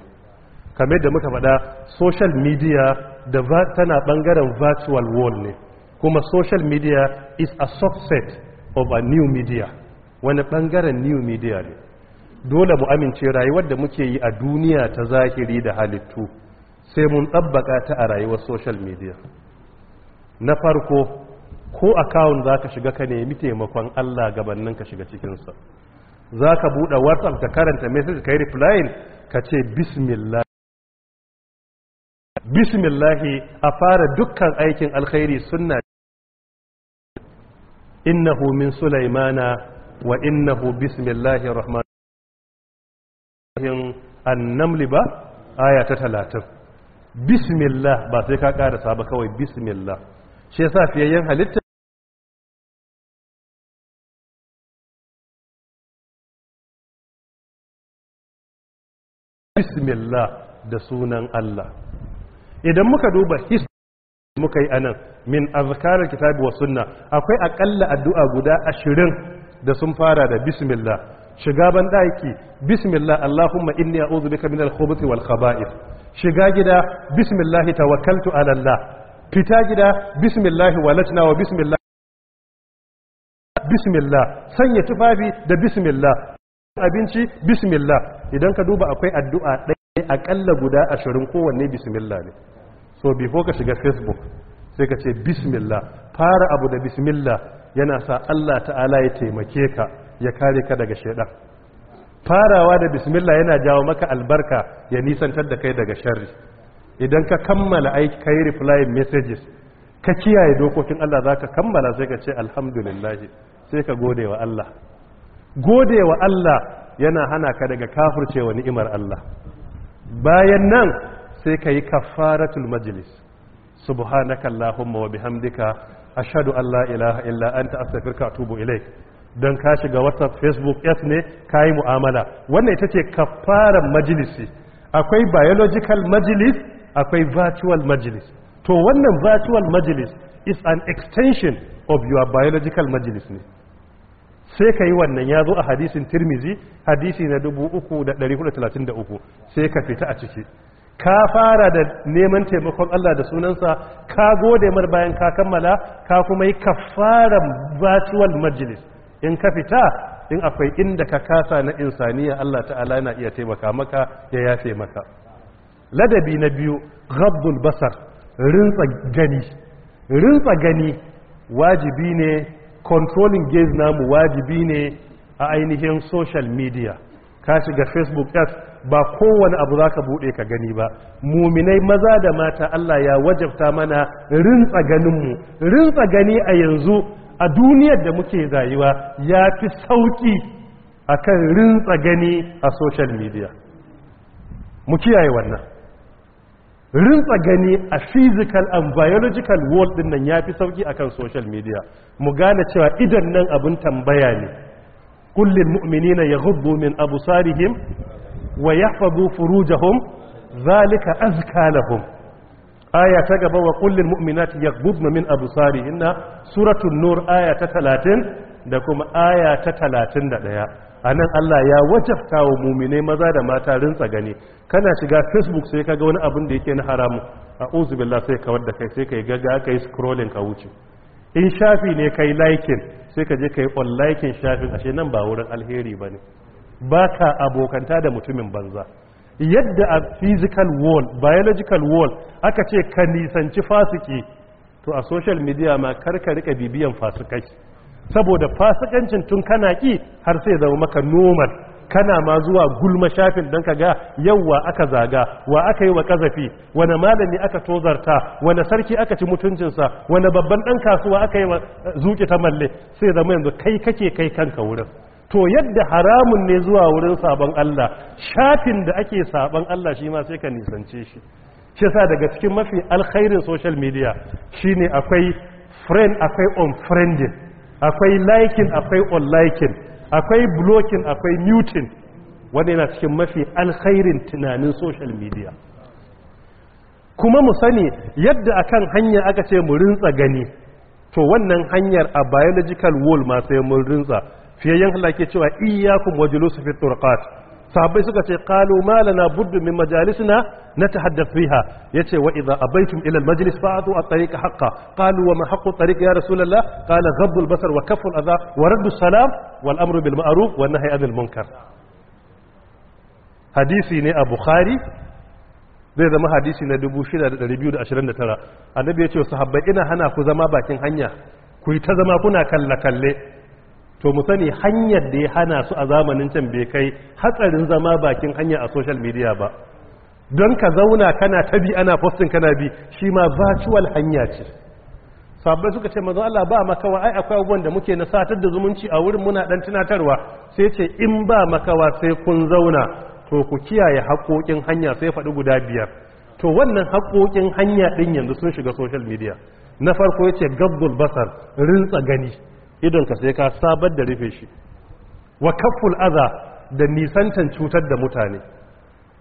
kamar da muka faɗa social media da tana ɓangaren virtual world ne kuma social media is a subset of a new media wani ɓangaren new media ne dole mu amince rayuwar da muke yi a duniya ta zahiri da halittu sai mun ɗabbaka ta a rayuwar social media na farko ko akawun za ka shiga ka nemi taimakon Allah gabanin ka shiga cikinsa za ka buɗe whatsapp ka karanta message ka yi replying ka ce bismillah bismillahi a fara dukkan aikin alkhairi sunna innahu min sulaimana wa innahu bismillahi rahman annamli ba aya ta talatin bismillah ba sai ka karasa ba kawai bismillah shi yasa fiyayyen halitta bismillah da sunan Allah idan muka duba his muka yi anan min azkarar kitabu wa sunna akwai akalla addu'a guda ashirin da sun fara da bismillah shiga ban ɗaki bismillah allahumma inni a'udhu bika min al-khubuthi wal khaba'ir shiga gida bismillahi tawakkaltu ala Allah fita gida bismillahi walatna wa bismillah bismillah sanya tufafi da bismillah abinci bismillah idan ka duba akwai addu'a ɗaya akalla guda ashirin kowanne bismillah ne so before ka shiga facebook sai ka ce bismillah fara abu da bismillah yana sa Allah ta'ala ya taimake ka ya kare ka daga shaidan farawa da bismillah yana jawo maka albarka ya nisantar da kai daga sharri idan ka kammala aiki kai reply messages ka kiyaye dokokin Allah zaka kammala sai ka ce alhamdulillah sai ka gode wa Allah gode wa Allah yana hana ka daga kafircewa ni'imar Allah bayan nan sai ka yi kafaratul majlis subhanaka allahumma wa bihamdika ashhadu an la ilaha illa anta astaghfiruka wa atubu ilaik don ka shiga whatsapp facebook s ne ka yi mu'amala wannan ita ce fara majalisi akwai biological majalis akwai virtual majalis to wannan virtual majalis is an extension of your biological majalis ne sai ka yi wannan ya zo a hadisin tirmizi hadisi na 3,433 sai ka fita a ciki ka fara da neman taimakon Allah da sunansa ka gode mar bayan ka kammala ka kuma yi kafaran virtual majalis in ka fita in akwai inda ka kasa na insaniya Allah ta'ala yana iya taimaka maka ya yafe maka ladabi na biyu ghaddul basar rinsa gani rinsa gani wajibi ne controlling gaze namu wajibi ne a ainihin social media ka shiga facebook yes ba kowane abu za ka buɗe ka gani ba muminai maza da mata Allah ya wajabta mana rinsa ganinmu rinsa gani a yanzu a duniyar da muke rayuwa ya fi sauƙi a kan rintsa gani a social media mu kiyaye wannan rintsa gani a physical and biological world din nan ya fi sauƙi kan social media mu gane cewa idan nan abin tambaya ne kullin mu'minina ya hubbu min abu abusarihim wa ya yahfazu furujahum zalika azkalahun aya ta gaba wa kullin mu'minati gudma min inna suratul nur aya ta talatin da kuma aya ta talatin da A anan Allah ya wajabta wa mu'mine maza da mata rinsa gani kana shiga facebook sai kaga wani abin da yake na haramu a'udhu billahi sai ka wadda kai sai kai gaga kai scrolling ka wuce in shafi ne kai likin sai ka je kai on liking shafin ashe nan ba wurin alheri bane baka abokanta da mutumin banza yadda a physical wall biological wall aka ce ka nisanci fasiki to a social media ma karka rika bibiyan fasikai saboda fasikancin tun kana ki har sai zama maka normal kana ma zuwa gulma shafin don ka ga wa aka zaga wa aka yi wa kazafi wani malami aka tozarta wani sarki aka ci mutuncinsa wani babban dan kasuwa aka yi wa zuki ta malle sai zama yanzu kai kake kai kanka wurin to yadda haramun ne zuwa wurin sabon Allah shafin da ake sabon Allah shi ma sai ka nisance shi shi sa daga cikin mafi alkhairin social media shine akwai friend akwai unfriending akwai liking akwai unliking akwai blocking akwai muting wanda yana cikin mafi alkhairin tunanin social media kuma mu sani yadda akan hanya aka ce mu rintsa gani to wannan hanyar a biological wall ma sai mun rinsa. fiyayyen Allah ke cewa iyyakum wa julusu fi turqat sahabbai suka ce qalu ma lana buddu min majalisina natahaddath fiha yace wa idza abaitum ila al majlis fa'atu at tariq haqqa qalu wa ma haqqu tariq ya rasulullah qala ghaddu al basar wa kaffu al adha wa raddu salam wal amru bil ma'ruf wa nahyi anil munkar hadisi ne a bukhari zai zama hadisi na 6229 annabi ya ce sahabbai ina hana ku zama bakin hanya ku yi ta zama kuna kalle kalle to mu sani hanyar da ya hana su a zamanin can bai kai hatsarin zama bakin hanya a social media ba don ka zauna kana ta bi ana postin kana bi shi ma virtual hanya ce sabbai suka ce mazan Allah ba makawa ai akwai abubuwan da muke na satar da zumunci a wurin muna dan tunatarwa sai ce in ba makawa sai kun zauna to ku kiyaye haƙoƙin hanya sai faɗi guda biyar to wannan haƙoƙin hanya ɗin yanzu sun shiga social media na farko ya ce gabbul basar rintsa gani idonka sai ka sabar da rufe shi wa kaful aza da nisantan cutar da mutane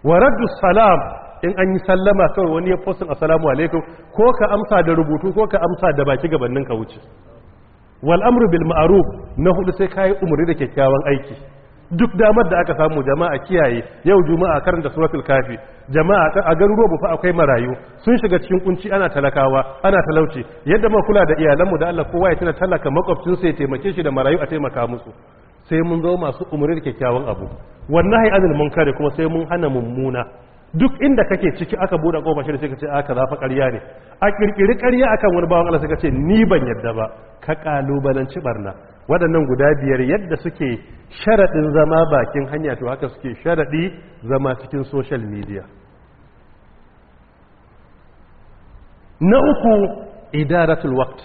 wa raddu salam in an yi sallama kawai wani ya fosin assalamu alaikum ko ka amsa da rubutu ko ka amsa da baki gabanin ka wuce wal amru bil ma'ruf na hudu sai kai umuri da kyakkyawan aiki duk damar da aka samu jama'a kiyaye yau juma'a karanta suratul kafi jama'a a garuruwa fa akwai marayu sun shiga cikin kunci ana talakawa ana talauci yadda ma kula da iyalanmu da Allah kowa ya tana talaka makwabcin sai ya taimake shi da marayu a taimaka musu sai mun zo masu umurin kyakkyawan abu wannan hay anil munkari kuma sai mun hana mummuna duk inda kake ciki aka buɗe goma shi da suka ce aka ah, zafa karya ne a ƙirƙiri ƙarya akan wani bawan Allah suka ce ni ban yadda ba ka ƙalubalanci barna waɗannan guda biyar yadda suke sharaɗin zama bakin hanya to haka suke sharaɗi zama cikin social media na uku idaratul waqt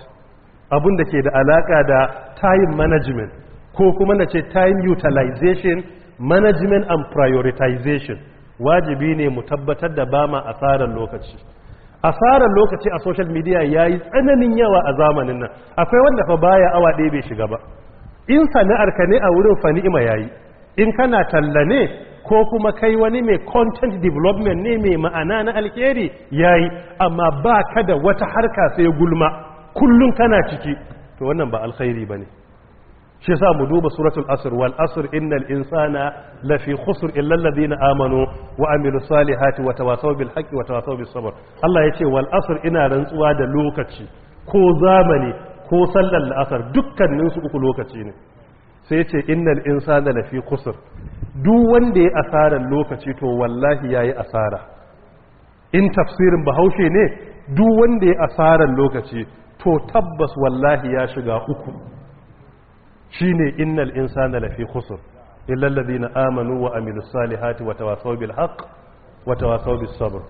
abin da ke da alaƙa da time management ko kuma na ce time utilization management and prioritization wajibi ne mu tabbatar da ba ma asarar lokaci asarar lokaci a social media ya yi tsananin yawa a zamanin nan akwai wanda fa baya awa ɗaya bai shiga ba in sana'ar ka ne a wurin faniima ni'ima ya yi in kana talla ne ko kuma kai wani mai content development ne mai ma'ana na alkhairi ya yi amma ba ka da wata harka sai gulma kullum kana ciki to wannan ba alkhairi ba ne shi sa mu duba suratul asr wal asr innal insana lafi khusr illa alladhina amanu wa amilus salihati wa tawasaw bil haqqi wa tawasaw bis sabr Allah yace wal asr ina rantsuwa da lokaci ko zamani ko sallar la'asar dukkanin su uku lokaci ne sai yace innal insana lafi khusr duk wanda ya asarar lokaci to wallahi yayi asara in tafsirin bahaushe ne duk wanda ya asarar lokaci to tabbas wallahi ya shiga uku Shi ne innal insana lafi khusr illal ladina amanu wa amilus salihati wa tawasaw bil haqq wa tawasaw bis sabr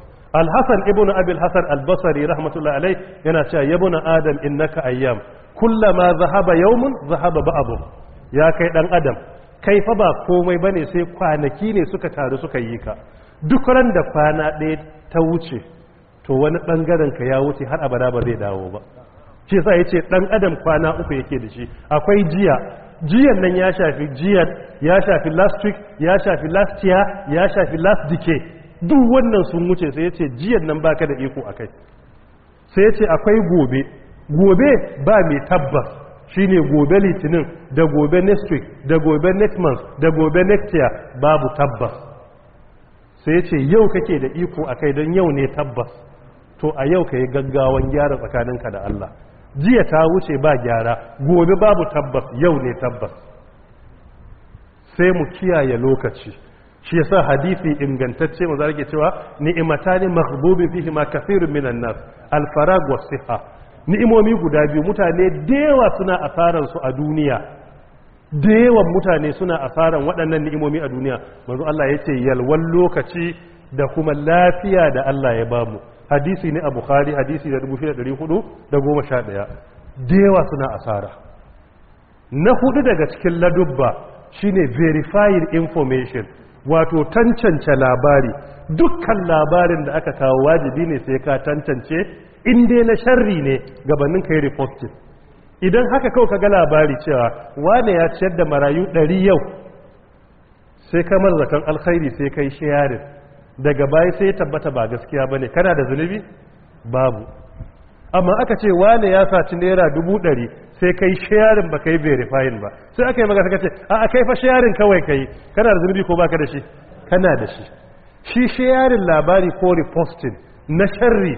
al hasan ibnu abi al hasan al basri rahmatullahi alayh yana cewa yabuna adam innaka ayyam kullama zahaba yawmun zahaba ba'dhu ya kai dan adam kai fa ba komai bane sai kwanaki ne suka taru suka yi ka duk ran da kwana ɗaya ta wuce to wani bangaren ka ya wuce har abada ba zai dawo ba shi sa ce ɗan adam kwana uku yake da shi akwai jiya jiyan nan ya shafi jiyan ya shafi last week ya shafi last year ya shafi last decade duk wannan sun wuce sai yace jiyan nan baka da iko akai sai yace akwai gobe gobe ba mai tabbas shine gobe litinin da gobe next week da gobe next month da gobe next year babu tabbas sai ce yau kake da iko akai don yau ne tabbas to a yau ka yi gaggawan gyara tsakaninka da Allah jiya ta wuce ba gyara gobe babu tabbas yau ne tabbas sai mu kiyaye lokaci shi ya sa hadisi ingantacce mu zarge cewa ne mahbubi fihi ma kafirin minan nas alfarag wa siha ni'imomi guda biyu mutane dewa suna asaran su a duniya dewa mutane suna asaran waɗannan ni'imomi a duniya manzo Allah yace yalwan lokaci da kuma lafiya da Allah ya bamu hadisi ne a bukhari hadisi da da 1411 dewa suna asara na hudu daga cikin ladubba shine verifying information wato tantance labari dukkan labarin da aka kawo wajibi ne sai ka tantance in na sharri ne gabanin kai repostin idan haka kawo ka ga labari cewa wane ya ciyar da marayu 100 yau sai kamar zakan alkhairi sai ka yi sharing daga baya sai tabbata ba gaskiya ba ne kana da zunubi babu amma aka ce wane ya saci naira dubu ɗari sai kai sharing ba kai verifying ba sai aka yi magana ce a kai fa sharing kawai kai kana da zunubi ko baka da shi kana da shi shi sharing labari ko reposting na sharri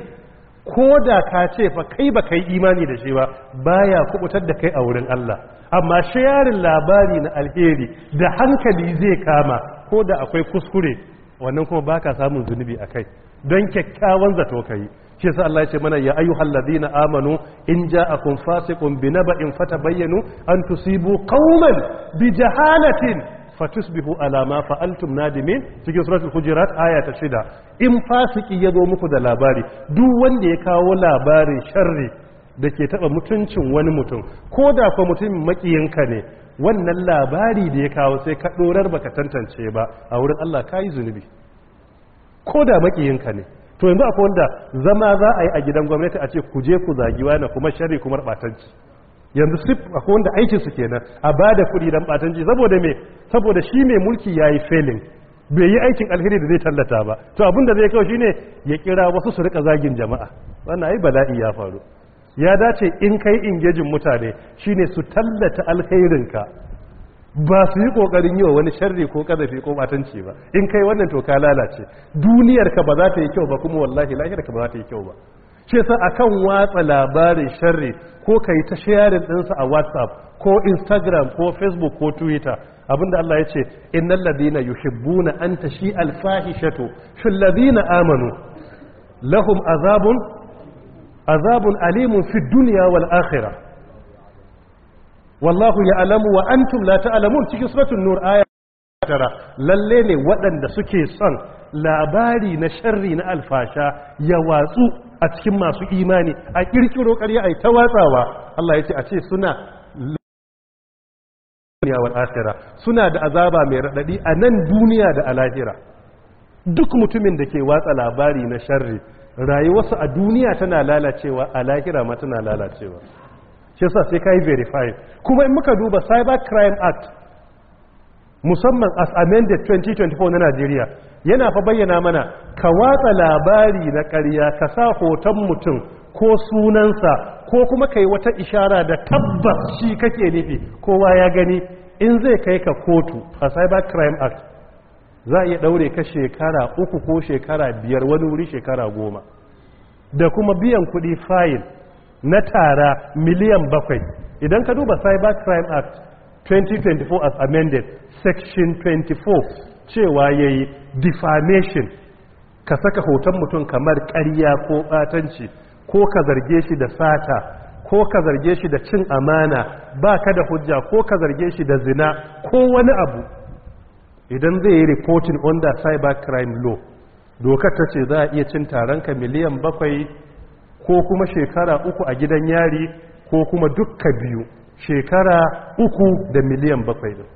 ko da ka ce fa kai ba kai imani da shi ba baya kubutar da kai a wurin Allah amma sharing labari na alheri da hankali zai kama ko da akwai kuskure wannan kuma baka samun zunubi a kai don kyakkyawan zato kai shi yasa Allah ya ce mana ya ayyuhal ladina amanu in ja'akum fasiqun binaba'in fatabayyanu an tusibu qauman bi jahalatin fatusbihu ala ma fa'altum nadimin cikin suratul hujurat aya ta shida in fasiki ya zo muku da labari duk wanda ya kawo labarin sharri da ke taba mutuncin wani mutum ko da fa mutumin makiyinka ne wannan labari da ya kawo sai ka dorar baka tantance ba a wurin Allah ka yi zunubi ko da makiyinka ne to yanzu akwai wanda zama za a yi a gidan gwamnati a ce ku je ku zagi wani kuma shari kuma batanci yanzu sif akwai wanda aikin su kenan a ba da kuɗi dan batanci saboda me saboda shi mai mulki ya yi felin bai yi aikin alheri da zai tallata ba to abin da zai kawo shine ya kira wasu su rika zagin jama'a wannan ai bala'i ya faru ya dace in kai ingejin mutane shine su tallata alkhairinka ba su yi kokarin yi wa wani sharri ko kadafi ko batanci ba in kai wannan to ka lalace duniyarka ba za ta yi kyau ba kuma wallahi lahirka ba za ta yi kyau ba ce sa akan watsa labarin sharri ko ka yi ta sharing ɗinsa a whatsapp ko instagram ko facebook ko twitter abinda Allah ya ce innal ladina yuhibbuna an tashi alfahishatu fil ladina amanu lahum azabun azabun alimun fi duniya wal akhirah wallahu ya'lamu wa antum la ta'lamun cikin suratul nur aya tara lalle ne waɗanda suke son labari na sharri na alfasha ya watsu a cikin masu imani a kirkiro ƙarya ai ta watsawa Allah ya ce a ce suna duniya wal suna da azaba mai radadi a nan duniya da a lahira duk mutumin da ke watsa labari na sharri rayuwarsu a duniya tana lalacewa a lahira ma tana lalacewa shi sa sai ka yi verifying kuma in muka duba cyber crime act musamman as amended 2024 na najeriya yana fa bayyana mana ka watsa labari na karya ka sa hoton mutum ko sunansa ko kuma ka yi wata ishara da tabbas shi kake nufi kowa ya gani in zai kai ka kotu a cyber crime act za a iya ɗaure ka shekara uku ko shekara biyar wani wuri shekara goma da kuma biyan kuɗi fayil na tara miliyan bakwai idan ka duba cyber crime act 2024 as amended section 24 cewa ya yi defamation ka saka hoton mutum kamar karya ko ɓatanci ko ka zarge shi da sata ko ka zarge shi da cin amana ba ka da hujja ko ka zarge shi da zina ko wani abu idan zai yi reporting under cybercrime law dokar ta ce za a iya cin taron ka miliyan bakwai ko kuma shekara uku a gidan yari ko kuma dukka biyu shekara uku da miliyan bakwai da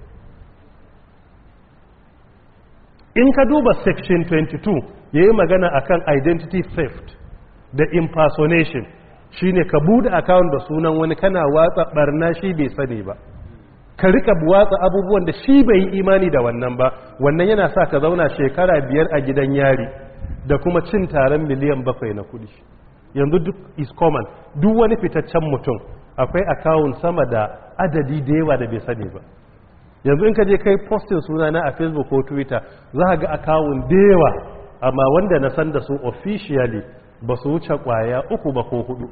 in ka duba section 22 ya yi magana akan identity theft da impersonation shine ka bude account da sunan wani kana watsa barna shi bai sani ba ka rika watsa abubuwan da shi bai yi imani da wannan ba wannan yana sa ka zauna shekara biyar a gidan yari da kuma cin taron miliyan bakwai na kudi yanzu duk is common duk wani fitaccen mutum akwai akawun sama da adadi da yawa da bai sani ba yanzu in ka je kai postin suna na a facebook ko twitter za ka ga akawun da yawa amma wanda na san da su officially ba su wuce kwaya uku ba ko hudu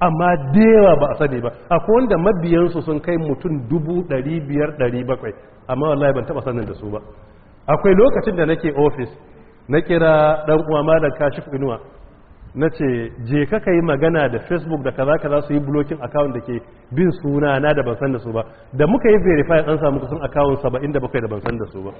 amma dewa ba a sani ba akwai wanda mabiyansu sun kai mutum dubu dari biyar dari bakwai amma wallahi ban taɓa sanin da su ba akwai lokacin da nake ofis na kira dan uwa malam kashif inuwa na ce je ka yi magana da facebook da kaza kaza su yi blocking account da ke bin suna na da ban san da su ba da muka yi verify an samu kusan account saba inda bakwai da ban san da su ba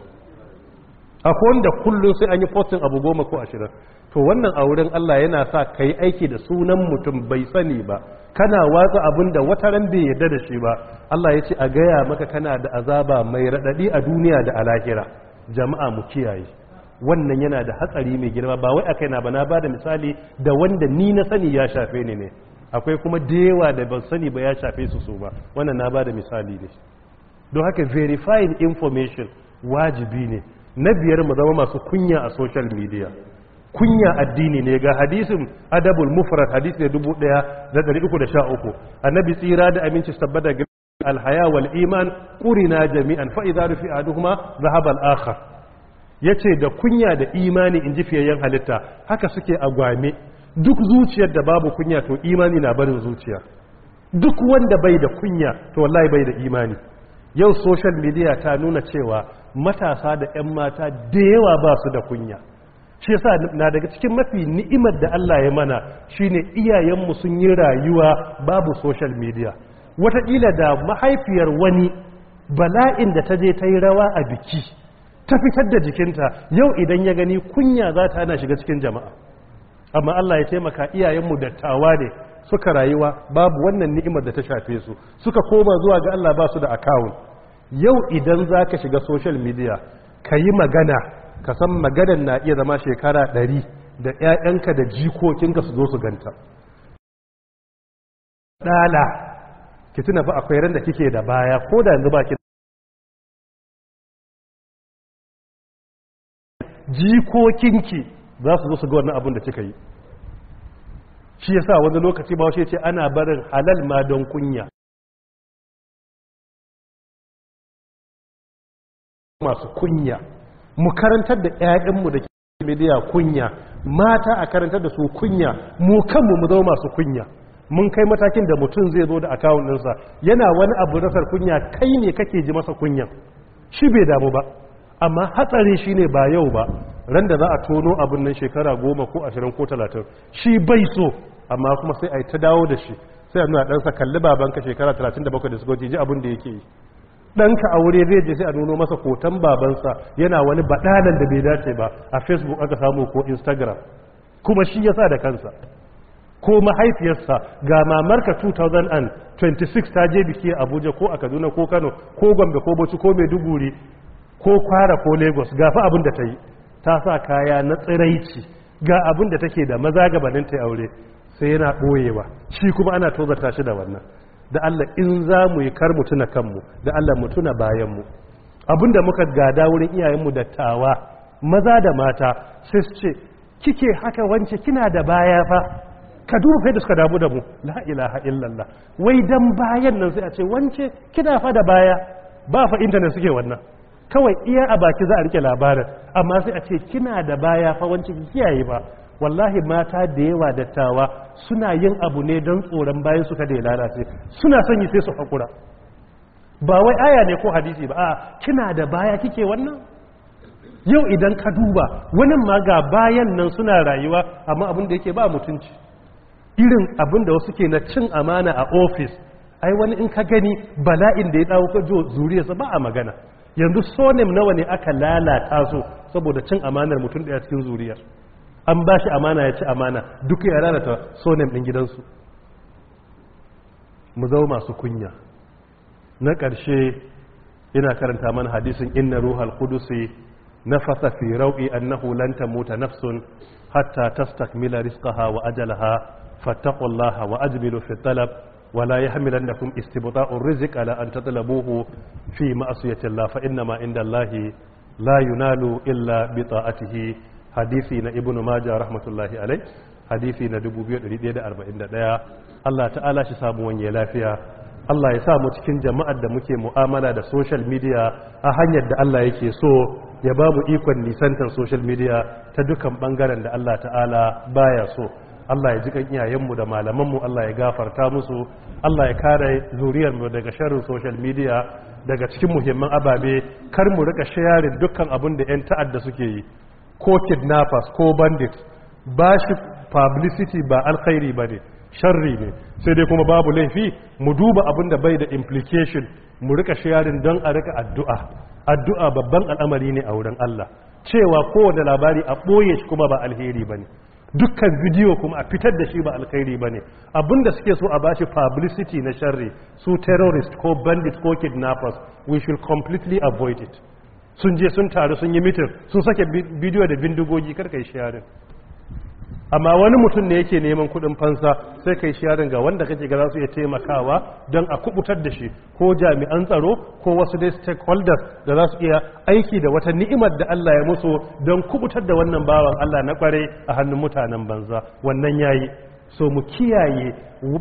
akwai wanda kullum sai an yi posting abu goma ko ashirin to wannan a wurin Allah yana sa ka yi aiki da sunan mutum bai sani ba kana watsa abin da wata ran bai yarda da shi ba Allah ya ce a gaya maka kana da azaba mai raɗaɗi a duniya da alakira jama'a mu kiyaye wannan yana da hatsari mai girma ba wai akai na ba na bada misali da wanda ni na sani ya shafe ni ne akwai kuma da da ban sani ba ya shafe su su ba wannan na bada misali ne. don haka verifying information wajibi ne na biyar mu zama masu kunya a social media kunya addini ne ga hadisin adabul mufrad hadisi ne 1313 annabi tsira da aminci tabbata da alhaya wal iman qurina jami'an fa idza rufi aduhuma dhahaba al akhar yace da kunya da imani inji fiyayyen halitta haka suke agwame duk zuciyar da babu kunya to imani na barin zuciya duk wanda bai da kunya to wallahi bai da imani yau social media ta nuna cewa matasa da 'yan mata da yawa ba su da kunya shi yasa na daga cikin mafi ni'imar da Allah ya mana shine iyayenmu sun yi rayuwa babu social media wataƙila da mahaifiyar wani bala'in da ta je ta yi rawa a biki ta fitar da jikinta yau idan ya gani kunya za ta ana shiga cikin jama'a amma Allah ya taimaka iyayenmu dattawa ne suka rayuwa babu wannan ni'imar da ta shafe su suka koma zuwa ga Allah ba su da akawun yau idan za ka shiga social media ka yi magana ka san maganar na iya zama shekara ɗari da 'ya'yanka da jikokinka su zo su ganta ɗala ki tuna fa akwai ran da kike da baya ko da yanzu ba ki jikokinki za su zo su ga wannan abin da kika yi shi yasa wani lokaci ba wasu ce ana barin halal ma don kunya masu kunya mu karantar da 'ya'yanmu da ke media kunya mata a karantar da su kunya mu kanmu mu zama masu kunya mun kai matakin da mutum zai zo da akawun ɗinsa yana wani abu rasar kunya kai ne kake ji masa kunyan shi bai damu ba amma hatsari shi ne ba yau ba ran da za a tono abin nan shekara goma ko ashirin ko talatin shi bai so amma kuma sai a yi ta dawo da shi sai a nuna ɗansa kalli babanka shekara talatin da bakwai da suka ji abin da yake yi ɗanka a wuri zai je sai a nuno masa kotan babansa yana wani baɗalan da bai dace ba a facebook aka samu ko instagram kuma shi ya sa da kansa ko mahaifiyarsa ga mamarka 2026 ta je biki a abuja ko a kaduna ko kano ko gombe ko bauchi ko maiduguri ko kwara ko lagos ga fa abin da ta yi ta sa kaya na tsiraici ga abin da take da maza gabanin ta aure sai yana ɓoyewa shi kuma ana tozarta shi da wannan da Allah in za mu yi kar mu tuna kanmu da Allah mu tuna bayanmu abinda muka gada wurin iyayenmu dattawa maza da mata sai su ce kike haka wance kina da baya fa ka duba kai da suka damu da mu la ilaha illallah wai dan bayan nan sai a ce wance kina fa da baya ba fa intanet suke wannan kawai iya a baki za a rike labarin amma sai a ce kina da baya fa wance kiyaye ba wallahi mata da yawa dattawa suna yin abu ne don tsoron bayan suka da ya lalace suna son yi sai su haƙura ba wai aya ne ko hadisi ba a kina da baya kike wannan yau idan ka duba wani ma ga bayan nan suna rayuwa amma abin da yake ba mutunci irin abin da wasu ke na cin amana a ofis ai wani in ka gani bala'in da ya dawo ka jo zuriyarsa ba a magana yanzu sonim nawa ne aka lalata su saboda cin amanar mutum daya cikin zuriyar an ba shi amana ya ci amana duk ya lalata sonin ɗin gidansu mu zama masu kunya na ƙarshe ina karanta mana hadisin inna ruhal kudusi nafasa fi rau'i annahu lan tamuta nafsun hatta tastakmila rizqaha wa ajalaha fattaqullaha wa ajmilu fi talab wa la yahmilannakum istibta'ur rizq ala an tatlabuhu fi ma'siyati Allah fa inna ma inda Allah la illa bi hadisi na ibnu maja rahmatullahi alai hadisi na 2141 Allah ta'ala shi samu wanye lafiya Allah ya sa mu cikin jama'ar da muke mu'amala da social media a hanyar da Allah yake so ya ba mu ikon nisantar social media ta dukan bangaren da Allah ta'ala baya so Allah ya ji kan iyayenmu da malamanmu Allah ya gafarta musu Allah ya kare zuriyarmu daga sharrin social media daga cikin muhimman ababe kar mu rika sharing dukkan abin da 'yan ta'adda suke yi ko kidnappers ko bandits ba shi publicity ba alkhairi ba ne sharri ne sai dai kuma babu laifi mu duba abin da bai da implication mu rika sharing don a rika addu'a addu'a babban al'amari ne a wurin Allah cewa kowane labari a ɓoye shi kuma ba alheri ba ne dukkan bidiyo kuma a fitar da shi ba alkhairi ba ne da suke so a bashi publicity na sharri su terrorist ko bandit ko kidnappers we should completely avoid it sun je sun taru sun yi mitin sun sake bidiyo da bindigogi kar kai sharing amma wani mutum ne yake neman kuɗin fansa sai kai shiyarin ga wanda kake ga za su iya taimakawa don a kubutar da shi ko jami'an tsaro ko wasu dai stakeholders da za su iya aiki da wata ni'imar da Allah ya musu don kubutar da wannan bawan Allah na kware a hannun mutanen banza wannan yayi so mu kiyaye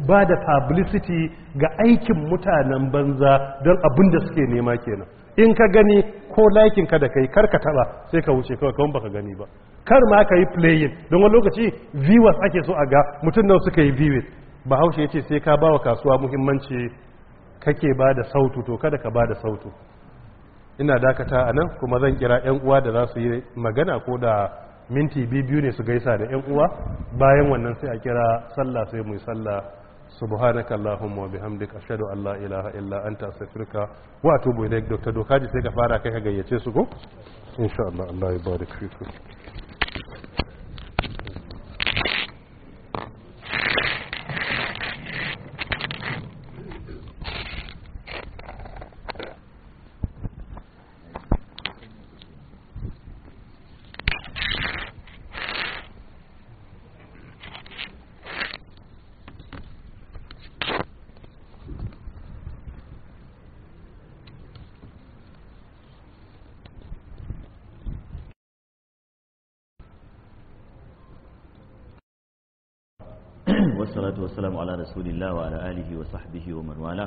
ba da publicity ga aikin mutanen banza don abin da suke nema kenan in ka gani ko laikin ka da kai kar ka taba sai ka wuce kawai kawai baka gani ba kar ma ka yi playing don wani lokaci viewers ake so a ga mutum nan suka yi viewers bahaushe ya ce sai ka ba wa kasuwa muhimmanci kake ba da sautu to kada ka ba da sautu ina dakata a nan kuma zan kira 'yan uwa da za su yi magana ko da minti biyu ne su gaisa da 'yan uwa bayan wannan sai a kira sallah sai mu yi sallah subhanaka allahumma wa bihamdika ashhadu an la ilaha illa anta astaghfiruka wa atubu ilaik dr dokaji sai ka fara kai ka gayyace su ko insha Allah Allah ya barik fiku ala rasulillah wa ala alihi wa sahbihi wa man wala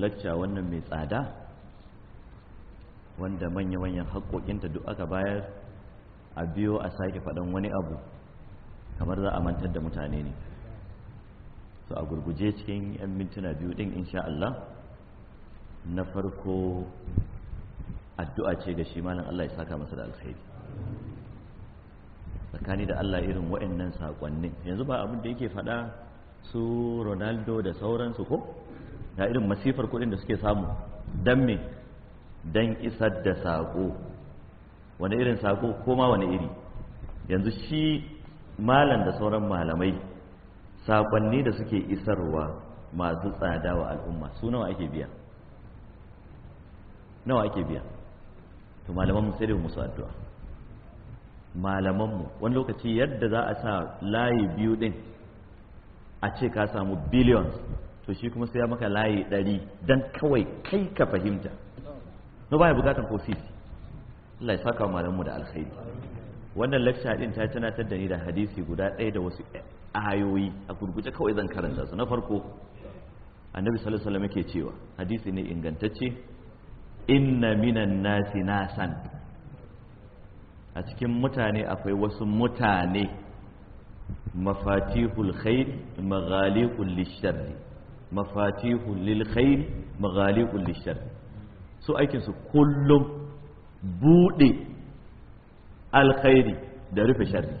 lacca wannan mai tsada wanda manya-manyan haƙoƙinta duk aka bayar a biyo a sake faɗan wani abu kamar za a mantar da mutane ne to a gurguje cikin 'yan mintuna biyu din insha Allah na farko addu'a ce ga shi malam Allah ya saka masa da alkhairi tsakani da Allah irin nan saƙonnin yanzu ba abin da yake faɗa su Ronaldo da sauransu ko da irin masifar kuɗin da suke samu dan me dan isar da sako wani irin sako ko ma wani iri yanzu shi malam da sauran malamai saƙonni da suke isarwa masu tsada wa al'umma su nawa ake biya nawa ake biya to malaman mu sai da musu addu'a malaman mu wani lokaci yadda za a sa layi biyu din a ce ka samu billions to shi kuma sai ya maka layi ɗari dan kawai kai ka fahimta no baya bukatan ko sisi Allah ya saka malaman mu da alkhairi wannan lecture din ta tunatar da ni da hadisi guda ɗaya da wasu ayoyi a gurguje kawai zan karanta su na farko annabi sallallahu alaihi wasallam yake cewa hadisi ne ingantacce inna minan nasi nasan a cikin mutane akwai wasu mutane mafatihul khair maghaliqul lisharri mafatihul lil khair maghaliqul lisharri su aikin su kullum bude alkhairi da rufe sharri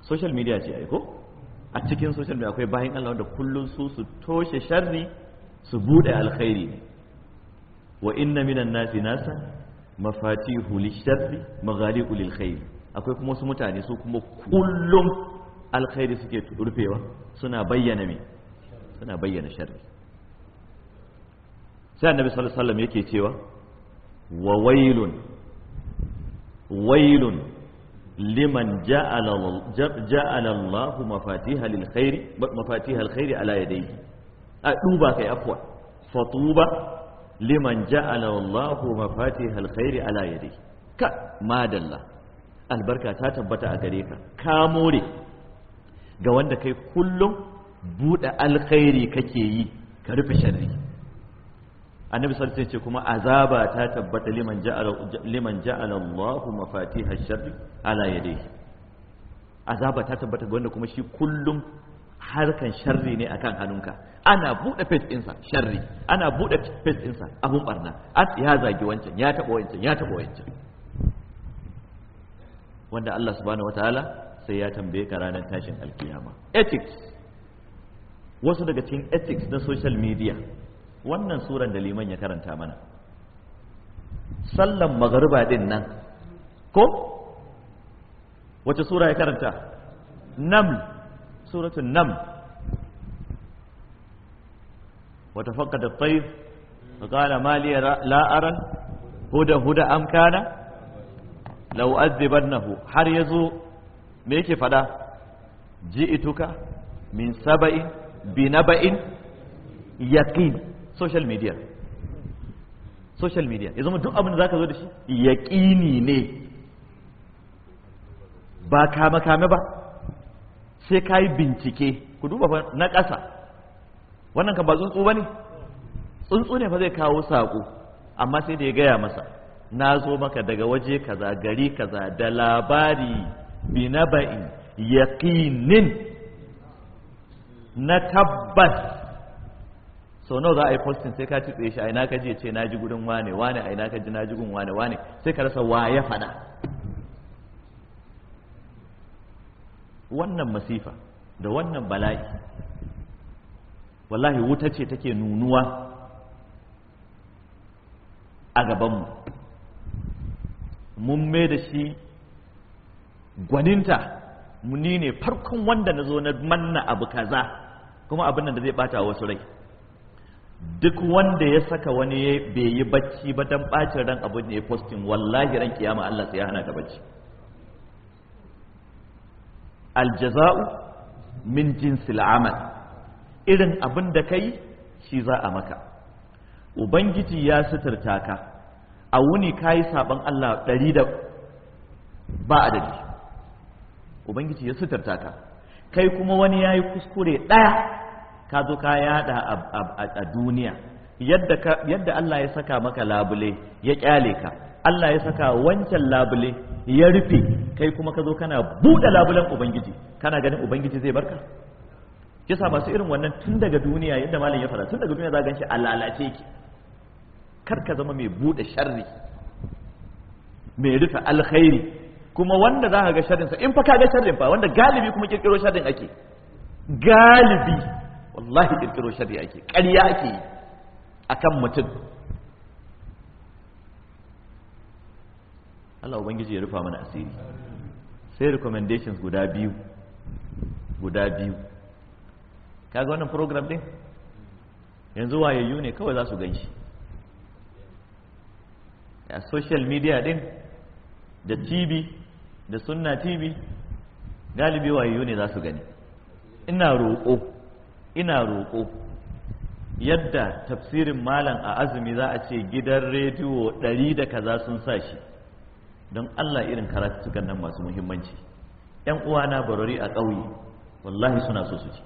social media ce aiko a cikin social media akwai bayan Allah wanda kullum su su toshe sharri su bude alkhairi ne wa inna minan nasi nasa mafatihu lisharri maghaliqu lil khair akwai kuma wasu mutane su kuma kullum alkhairi suke rufewa suna suna bayyana sharri sai annabi sallallahu alaihi wasallam yake cewa wa wailun liman ja'ala Allahu mafatiha lil khairi mafatiha al khairi a duba liman ja'ala Allahu mafatihal khairi ala yadi ka madalla albarka ta tabbata a gare ka ka more ga wanda kai kullum buɗe alkhairi kake yi ka rufe sharri annabi sallallahu alaihi kuma azaba ta tabbata liman ja'ala liman ja'ala Allahu mafatihash sharri ala yadihi azaba ta tabbata ga wanda kuma shi kullum harkan sharri ne akan hannunka ana buɗe face ɗinsa sharri ana buɗe face ɗinsa abun barna ya zagi wancan ya taɓa wancan ya taɓa wancan wanda Allah subhanahu wataala sai ya tambaye ka ranar tashin alkiyama ethics wasu daga cikin ethics na social media wannan suran da liman ya karanta mana sallan magariba din nan ko wace sura ya karanta naml suratul nam wa tafaqqada at-tayr fa qala ma li la ara huda huda am kana law azibannahu har yazo me yake fada ji'ituka min saba'in bi naba'in yaqin social media social media ya zama duk abin da zaka zo da shi yaqini ne ba kame kame ba sai ka yi bincike ku duba fa na ƙasa wannan kan ba tsuntsu ba ne tsuntsu ne fa zai kawo saƙo amma sai da ya gaya masa na zo maka daga waje kaza gari kaza da labari bi na ba'in yaƙinin na tabbas so nawa za a yi postin sai ka ci shi aina ka je ce na ji gudun wane wane a ka ji na ji gudun wane wane sai ka rasa wa ya faɗa wannan masifa da wannan bala'i wallahi wuta ce take nunuwa a gabanmu mun mai da shi gwaninta muni ne farkon wanda na zo na manna abu kaza kuma abin da zai bata wasu rai duk wanda ya saka wani bai yi bacci ba don bacin ran abu ne ya postin wallahi ran kiyama Allah sai ya hana ta bacci aljaza'u min jinsil amal irin abin da kai shi za a maka ubangiji ya suturta ka a wuni yi saban Allah ɗari da ba adadi ubangiji ya suturta ka kai kuma wani yayi kuskure ɗaya ka zo ka yada a duniya yadda Allah ya saka maka labule ya ƙyale ka Allah ya saka wancan labule ya rufe kai kuma ka zo kana buɗe labulen ubangiji kana ganin ubangiji zai barka Kisa masu irin wannan tun daga duniya yadda malam ya fara tun daga duniya za gan shi a lalace ki kar ka zama mai buɗe sharri mai rufe alkhairi kuma wanda za ka ga sharrinsa in fa ka ga sharrin fa wanda galibi kuma kirkiro sharrin ake galibi wallahi kirkiro sharri ake ƙarya ake akan mutum Allah ubangiji ya rufa mana asiri sai recommendations guda biyu guda biyu kaga wannan program din yanzu wayayyu ne kawai za su gan shi a social media din da tv da sunna tv galibi wayayyu ne za su gani ina roƙo ina roƙo yadda tafsirin malam a azumi za a ce gidan rediyo ɗari da kaza sun sa shi don allah irin karatu karatuttukan nan masu muhimmanci yan uwana barori a ƙauye wallahi suna so su ci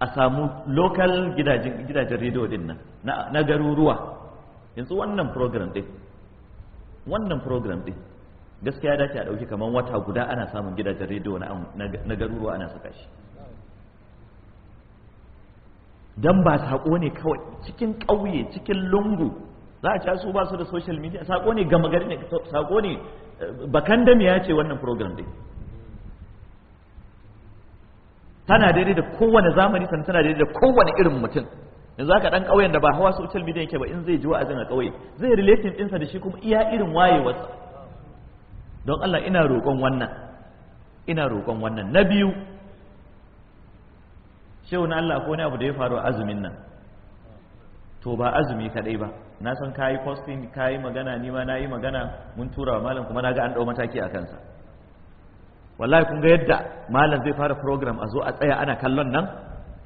a samu lokal gidajen rediyo din nan na garuruwa yanzu wannan program din wannan program din gaskiya dace a ɗauki kamar wata guda ana samun gidajen rediyo na garuruwa ana saka shi don ba saƙo ne kawai cikin ƙauye cikin lungu za a ca su ba su da social media sako ne gama gari ne sako ne bakan da ya ce wannan program din tana daidai da kowane zamani sannan tana daidai da kowane irin mutum yanzu haka dan ƙauyen da ba hawa social media yake ba in zai ji wa'azin a ƙauye zai relating ɗinsa da shi kuma iya irin wayewarsa don Allah ina roƙon wannan ina roƙon wannan na biyu shehu na Allah ko ne abu da ya faru a azumin nan to ba azumi kadai ba na san kayi posting kayi magana ni ma yi magana mun tura malam kuma naga an dau mataki a kansa wallahi kun ga yadda malam zai fara program a zo a tsaya ana kallon nan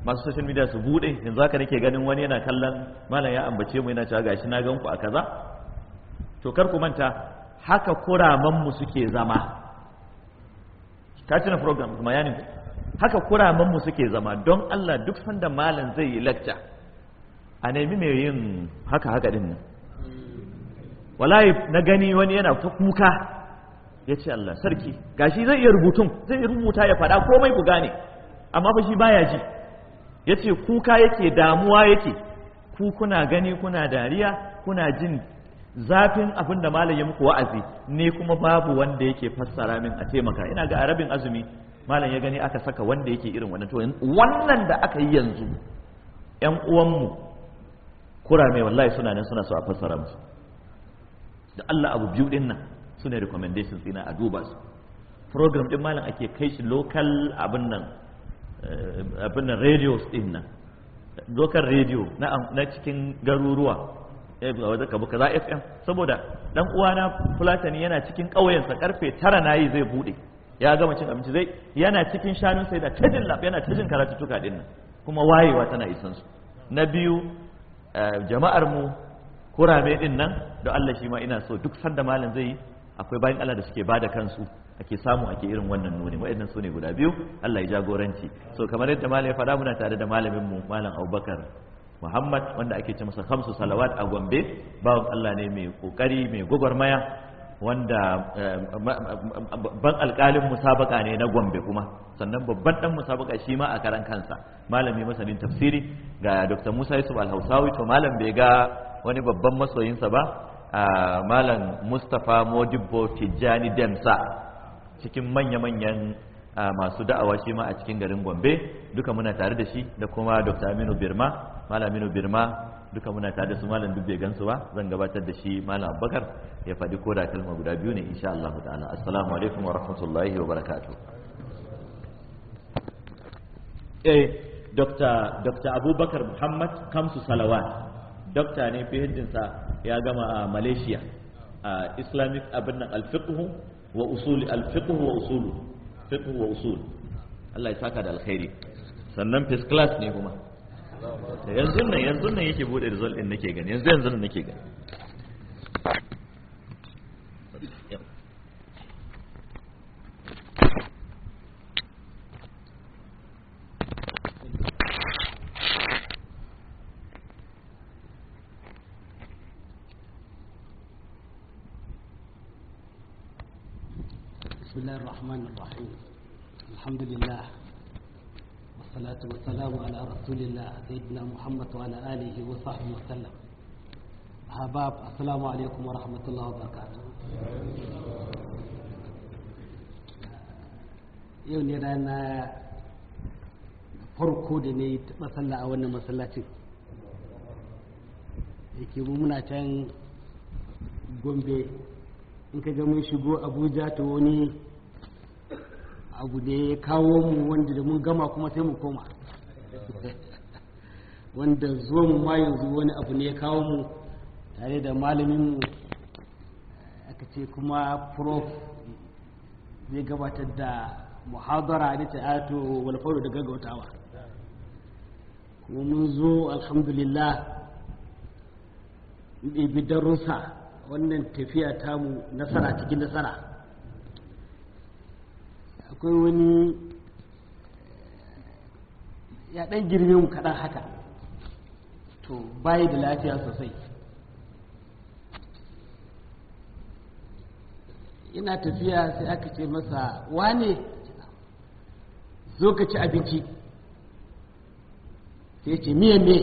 masu social media su bude yanzu haka nake ganin wani yana kallon malam ya ambace mu yana cewa gashi na gan ku a kaza to kar ku manta haka kuraman mu suke zama Ta tuna program bayanin haka kuraman mu suke zama don Allah duk sanda malam zai yi lecture a nemi mai yin haka haka din nan wallahi na gani wani yana ta kuka ya ce Allah sarki gashi zai iya rubutun zai iya rubuta ya faɗa komai ku gane amma fa shi baya ji ya ce kuka yake damuwa yake ku kuna gani kuna dariya kuna jin zafin abin da malam ya muku wa'azi ne kuma babu wanda yake fassara min a taimaka ina ga arabin azumi malam ya gani aka saka wanda yake irin wannan to wannan da aka yi yanzu yan uwanmu kurame wallahi suna nan suna so a fassara musu da Allah abu biyu din nan su ne recommendations ina a duba su program din malam ake kai shi local abin nan eh, abin nan radios din nan local radio na cikin garuruwa eh ka buka za FM saboda dan uwana Fulatani yana cikin ƙauyensa karfe 9 nayi zai bude ya gama cin abinci zai yana cikin shanun sai da tajin lab yana tajin karatu tuka din nan kuma wayewa tana isan su na biyu Eh, jama'ar mu kurame din nan da Allah shi ma ina so duk sanda malam zai akwai bayan Allah da suke bada kansu ake samu ake irin wannan nuni waɗannan su ne guda biyu Allah ya jagoranci so kamar yadda malam ya faɗa muna tare da malamin mu malam Abubakar Muhammad wanda ake ce masa khamsu salawat a Gombe bawan Allah ne mai kokari mai gwagwarmaya wanda eh, ban alƙalin musabaka ne na gombe kuma sannan babban dan musabaka shi ma a karan kansa malami masanin tafsiri ga dr musa yusuf alhausawi to malam bai ga wani babban masoyinsa ba malam mustapha modibbo tijjani demsa cikin manya-manyan masu da'awa shi ma a cikin garin gombe duka muna tare da shi da kuma dr aminu birma malam aminu birma duka muna tare da su malam duk bai gansu ba zan gabatar da shi malam abubakar ya faɗi ko da kalma guda biyu ne insha Allah ta'ala assalamu alaikum wa rahmatullahi wa barakatuh eh dr dr abubakar muhammad kamsu salawat dokta ne fihinsa ya gama a malaysia a islamic abin nan alfiqhu wa usul alfiqhu wa usulu fiqhu wa usul Allah ya saka da alkhairi sannan first class ne kuma yanzu nan yanzu nan yake bude result din nake gani yanzu yanzu nan nake gani بسم الله الرحمن الرحيم الحمد لله والصلاة والسلام على رسول الله سيدنا محمد وعلى آله وصحبه وسلم أحباب السلام عليكم ورحمة الله وبركاته yau ne rana farko da ne taɓa sallah a wannan masallacin yake mu muna can gombe in ka ga mun shigo abuja ta wani abu da ya kawo mu wanda da mun gama kuma sai mu koma wanda zuwa mu ma yanzu wani abu ne ya kawo mu tare da malaminmu aka ce kuma prof zai gabatar da muhadara da ato walfauro da gaggautawa kuma mun zo alhamdulillah ibi darussa wannan tafiya tamu nasara cikin nasara akwai wani ya ɗan girme mu kaɗan haka to bayi da lafiya sosai ina tafiya sai aka ce masa wane zo ka ci abinci sai ce miyan ne,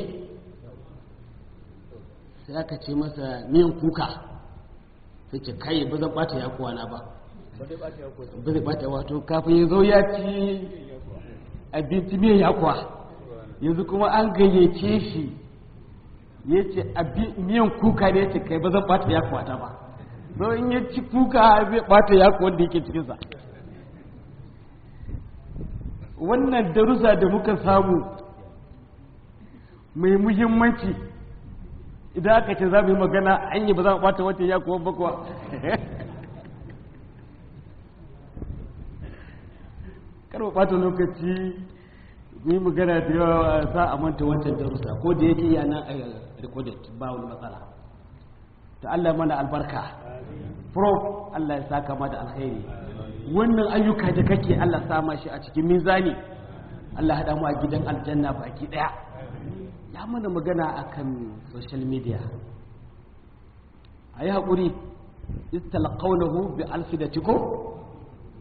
sai aka ce masa miyan kuka sai ce kai ba zan ɓata yakuwa na ba ba zai bata kafin ya zo ya ci abinci mai yakwa yanzu kuma an gayyace shi ya ce miyan kuka ne ce kai ba zan bata yakwa ta ba zo in ya ci kuka zai bata yakwa wanda yake cikinsa wannan darusa da muka samu mai muhimmanci idan aka ce za mu yi magana an yi ba za mu bata wata yakwa ba kuwa karba bata lokaci yi magana da yawa sa a manta wancan darussa ko da yake yana a recorded ba wani matsala ta Allah mana albarka prof Allah ya saka da alkhairi wannan ayyuka da kake Allah sama shi a cikin mizani Allah haɗa mu a gidan aljanna baki ɗaya ya mana magana a kan social media a yi haƙuri istalƙaunahu bi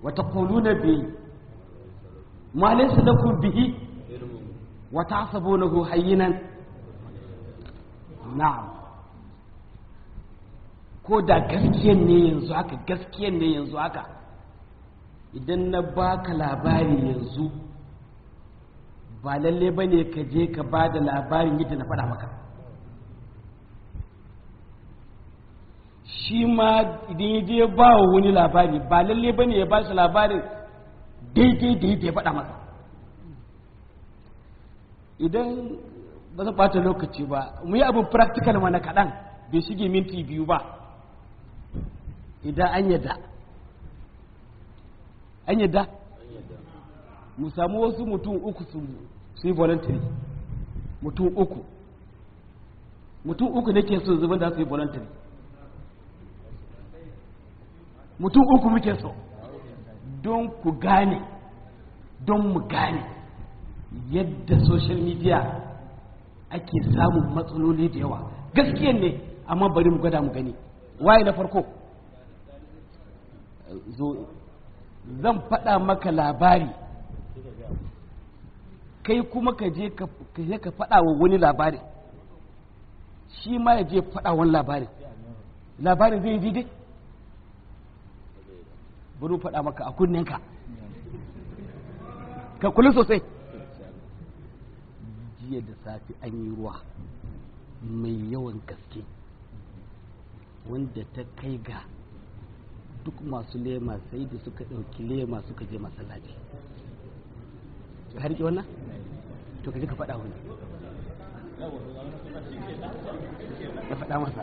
wata wa na bi ma laysa lakum bihi wa tahsabunahu hayyinan na'am ko da gaskiyan ne yanzu haka gaskiyan ne yanzu haka idan na baka labari yanzu ba lalle ba ne ka je ka ba da labarin yadda na faɗa maka shi ma idan ya je ba wa wani labari ba lalle ba ne ya ba shi labarin daidai da yadda ya faɗa masa idan ba zan ɓata lokaci ba mu yi abin practical mana kaɗan bai shige minti biyu ba idan an yadda an yadda mu samu wasu mutum uku su yi voluntary mutum uku mutum uku nake so zuban da su yi voluntary mutum uku muke so don ku gane don mu gane yadda social media ake samun matsaloli da yawa gaskiyan ne amma bari mu gwada mu gani waye na farko zan faɗa maka labari kai kuma ka je ka faɗa wa wani labari shi ma ya je faɗa wani labari labarin zai yi daidai bari faɗa maka a kunninka ka kula sosai jiya da safi an yi ruwa mai yawan gaske wanda ta kai ga duk masu lema sai da suka ɗauki lema suka je masallaci ka harki wannan to ka ji ka faɗa wani ka faɗa masa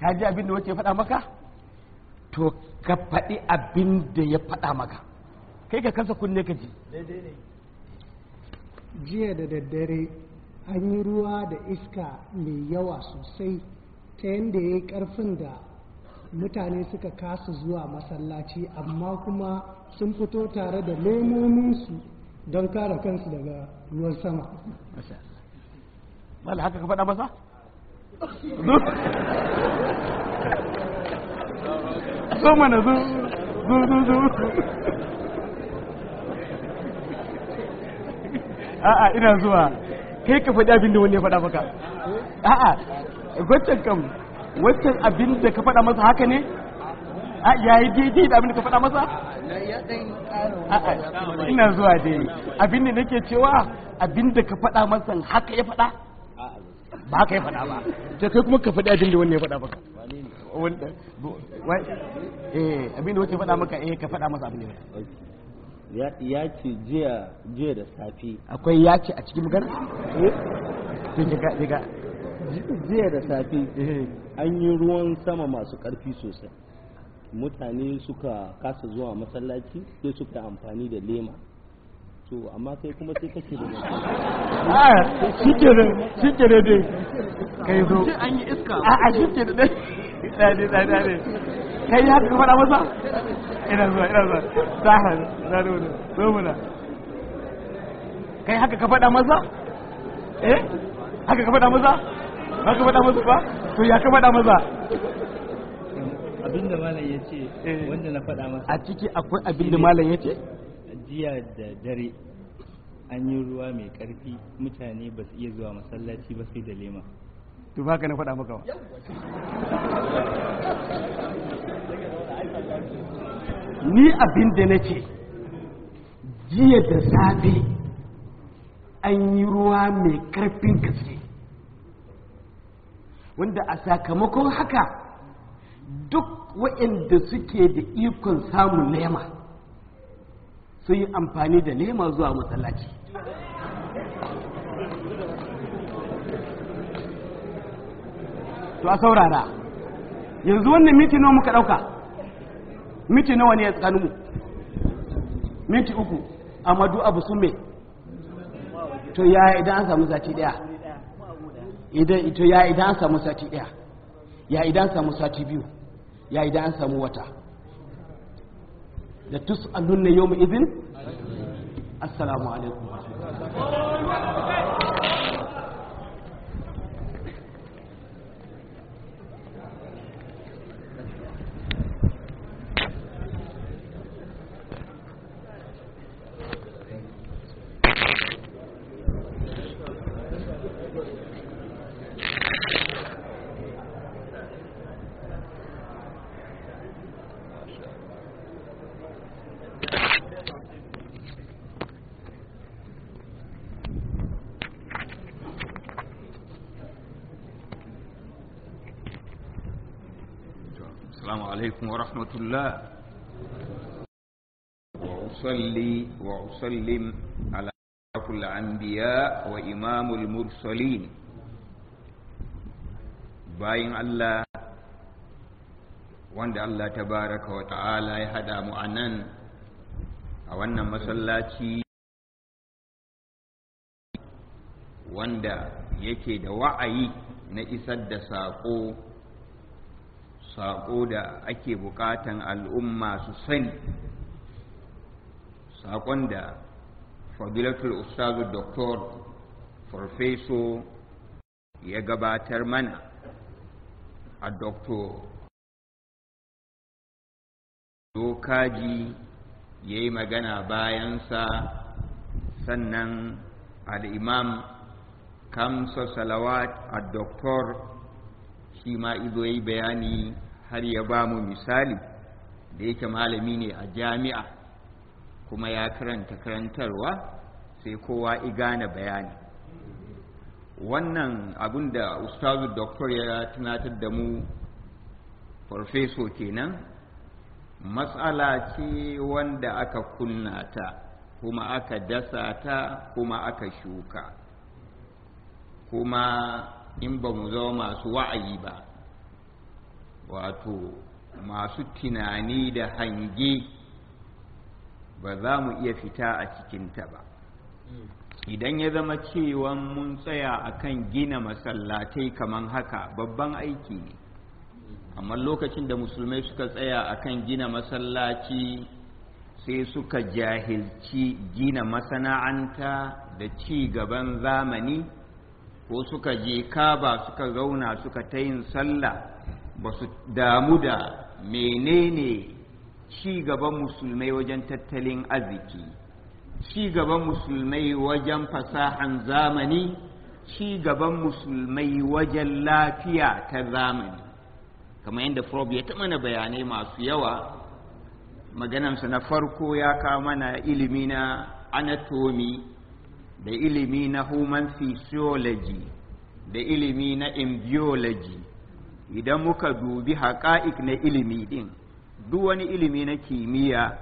ka ji abin da wacce ya faɗa maka to ka faɗi abin da ya faɗa maka kai ka kansa kunne ka ji jiya da daddare an yi ruwa da iska mai yawa sosai ta yadda ya yi ƙarfin da mutane suka kasa zuwa masallaci amma kuma sun fito tare da lemominsu don kare kansu daga ruwan sama. Mala haka ka faɗa masa? zo mana zo zo zo zo a'a ina zuwa kai ka faɗi abin da wani ya faɗa maka a'a gwaccan kam waccan abin da ka faɗa masa haka ne a yayi daidai da abin da ka faɗa masa a'a ina zuwa dai abin da nake cewa abin da ka faɗa masa haka ya faɗa ba ka yi fada ba ta kai kuma ka faɗi abin wani ya faɗa maka eh abin da faɗa maka eh ka faɗa masa abin da ya ya ce jiya jiya da safi akwai ya ce a cikin magana eh to jiga jiya da safi eh. an yi ruwan sama masu ƙarfi sosai mutane suka kasa zuwa masallaci sai suka amfani da lema so amma kai kuma sai kake da shi ke da ah, shi ke da dai kai zo an yi iska a ah, a ah, shi ke da dai dai dai dai kai ya ka faɗa masa ina zuwa ina zuwa zahar zaro ne zo muna kai haka ka faɗa masa eh haka ka faɗa masa ba ka faɗa masa ba to ya ka faɗa masa abinda malam ya ce eh. wanda na faɗa masa a ciki akwai abinda malam ya ce jiya da dare an yi ruwa mai ƙarfi mutane ba su iya zuwa masallaci ba sai da lema to ba ka na faɗa maka ni abin da na ce jiya da safe an yi ruwa mai ƙarfin gaske wanda a sakamakon haka duk waɗanda suke da ikon samun lema sun yi amfani da nema zuwa masallaci to a saurara yanzu wannan miti nawa muka ɗauka miti nawa ne ya mu miti uku amadu abu sume to ya idan an samu sati daya idan ito ya idan an samu sati daya ya idan samu sati biyu ya idan an samu wata da tus'alun na yawma idhin assalamu alaikum عليكم ورحمة الله وأصلي وأسلم على أشرف الأنبياء وإمام المرسلين باين الله wanda Allah tabaraka wa ta'ala ya hada mu a nan a wannan masallaci wanda yake da wa'ayi na isar da saƙo saƙo da ake buƙatan al'umma su sani saƙon da fadilatul ustazu doktor farfeso ya gabatar mana a doktor dokaji ya yi magana bayansa sannan al'imam kamsa salawat a doktor shi ma izo yi bayani har ya ba mu misali da yake malami ne a jami'a kuma ya karanta karantarwa sai kowa igana bayani wannan abin da ustazu doktor ya tunatar da mu farfeso kenan matsala ce wanda aka kunna ta kuma aka dasa ta kuma aka shuka kuma in ba mu zama masu wa'ayi ba wato masu tunani da hange ba za mu iya fita a cikinta ba idan ya zama cewa mun tsaya akan gina masallatai kamar haka babban aiki ne amma lokacin da musulmai suka tsaya akan gina masallaci sai suka jahilci gina masana'anta da ci gaban zamani ko suka je kaba suka zauna suka ta yin sallah ba su damu da menene ci gaban musulmai wajen tattalin arziki ci gaban musulmai wajen fasahan zamani ci gaban musulmai wajen lafiya ta zamani kamar yadda Frob ya taɓa mana bayanai masu yawa maganansa na farko ya kawo mana ilimi na anatomi da ilimi na human physiology da ilimi na embryology idan muka dubi haƙa'ik na ilimi din duk wani ilimi na kimiyya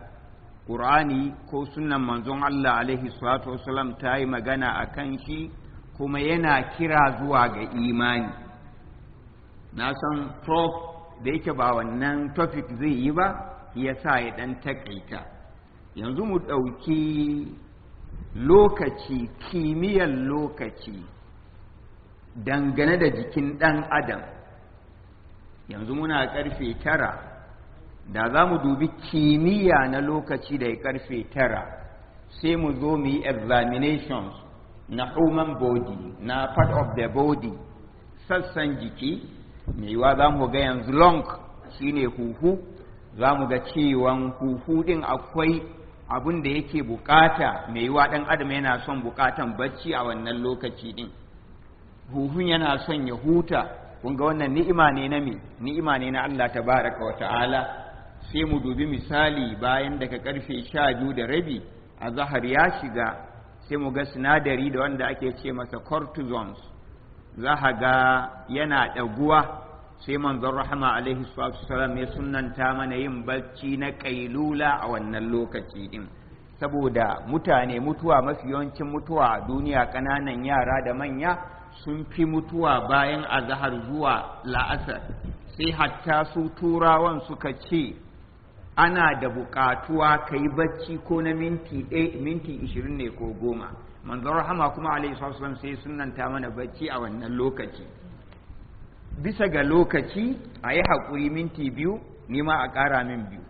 ƙur'ani ko sunan manzon Allah alaihi salatu wasalam ta yi magana a kan shi kuma yana kira zuwa ga imani na san prof da yake ba wannan topic zai yi ba ya sa ya ɗan taƙaita yanzu mu ɗauki lokaci kimiyyar lokaci dangane da jikin ɗan adam yanzu muna karfe tara da za mu dubi kimiyya na lokaci da ya ƙarfe tara sai mu zo mu yi examinations na human body na part of the body sassan jiki yiwa za mu ga yanzu long shine huhu za mu ga cewan huhu ɗin akwai abin da yake bukata mai yiwa ɗan adam yana son bukatan bacci a wannan lokaci ɗin huhun yana son ya huta kun ga wannan ni'ima ne na me ni'ima ne na Allah ta baraka wa ta'ala sai mu dubi misali bayan daga karfe sha biyu da rabi a zahar ya shiga sai mu ga sinadari da wanda ake ce masa cortisons za ga yana ɗaguwa sai manzon rahama alaihi salatu ya sunanta mana yin bacci na kailula a wannan lokaci din saboda mutane mutuwa mafi yawancin mutuwa a duniya ƙananan yara da manya sun fi mutuwa bayan azahar zuwa la'asar sai hatta su turawan suka ce ana da buƙatuwa ka yi bacci ko na minti minti ishirin ne ko goma manzon rahama kuma alaihi salatu sai sunanta mana bacci a wannan lokaci bisa ga lokaci a yi haƙuri minti biyu nima a ƙara min biyu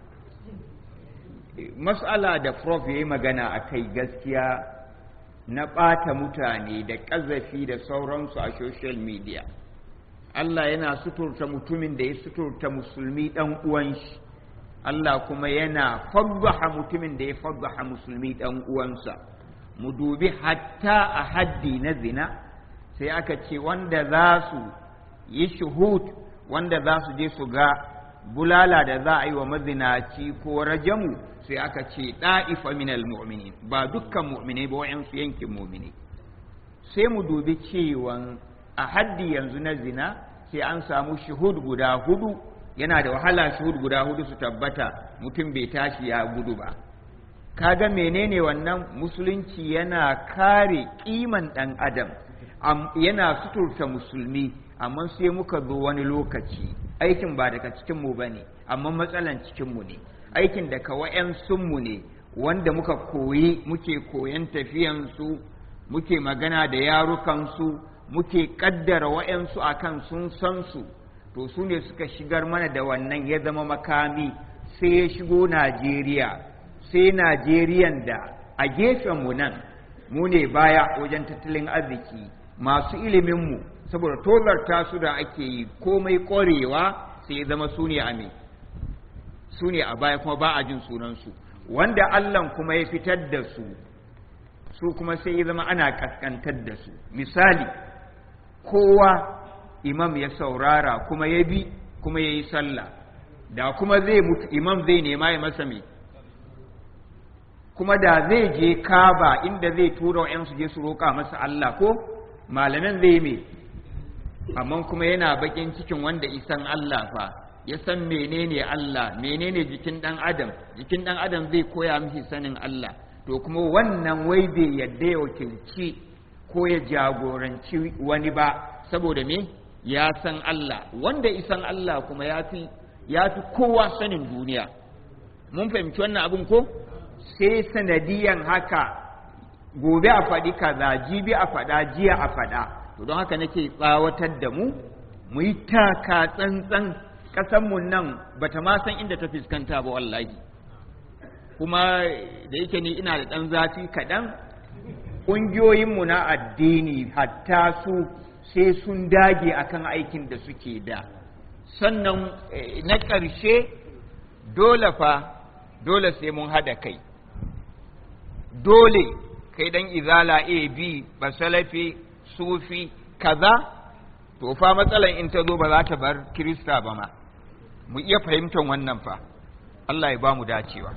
matsala da prof ya yi magana a kai gaskiya na ɓata mutane da ƙazafi da sauransu a social media Allah yana suturta mutumin da ya suturta musulmi ɗan uwanshi Allah kuma yana faddaha mutumin da ya faddaha musulmi ɗan uwansa mu dubi hatta a haddi na zina sai aka ce wanda za su yi shuhud wanda za su je su ga bulala da za a yi wa mazinaci ko rajamu sai aka ce ɗa'ifa minal ba dukkan mu'minai ba wa'yansu yankin mu'mini sai mu dubi cewan a haddi yanzu na zina sai an samu shuhud guda hudu yana da wahala shuhud guda hudu su tabbata mutum bai tashi ya gudu ba kaga menene wannan musulunci yana kare kiman ɗan adam yana suturta musulmi amma sai muka zo wani lokaci aikin ba daga cikinmu ba ne amma matsalan cikinmu ne aikin daga wa'yansunmu ne wanda muka koyi muke koyan tafiyansu muke magana da yarukansu muke kaddara wa'yansu a kan sun san su to su ne suka shigar mana da wannan ya zama makami sai ya shigo najeriya sai najeriyan da a gefen mu nan mu ne baya wajen tattalin arziki masu iliminmu saboda tolarta su da ake yi komai korewa sai zama su ne a me su ne a baya kuma ba a jin sunansu wanda allah kuma ya fitar da su su kuma sai ya zama ana kaskantar da su misali kowa imam ya saurara kuma ya bi kuma ya yi sallah da kuma zai mutu imam zai nema ya masa mai kuma da zai je kaba inda zai tura 'yansu su je su roƙa masa Allah ko malamin zai mai amma kuma yana bakin cikin wanda isan Allah fa ya san menene Allah menene jikin dan adam jikin dan adam zai koya mishi sanin Allah to kuma wannan wai bai yadda ya wakilci ko ya jagoranci wani ba saboda me ya san Allah wanda isan Allah kuma ya fi ya fi kowa sanin duniya mun fahimci wannan abin ko sai sanadiyan haka gobe a faɗi kaza jibi a faɗa jiya a faɗa to don haka nake tsawatar da mu mu yi taka tsantsan ƙasanmu nan ba ta ma san inda ta fuskanta ba wallahi kuma da yake ni ina da ɗan zafi kaɗan ƙungiyoyinmu na addini hatta su sai sun dage akan aikin da suke da sannan eh, na ƙarshe dole fa dole sai mun haɗa kai dole kai ɗan izala a b ba sufi kaza to fa matsalan in ta zo ba za ta bar kirista ba ma mu iya fahimtar wannan fa Allah ya ba mu dacewa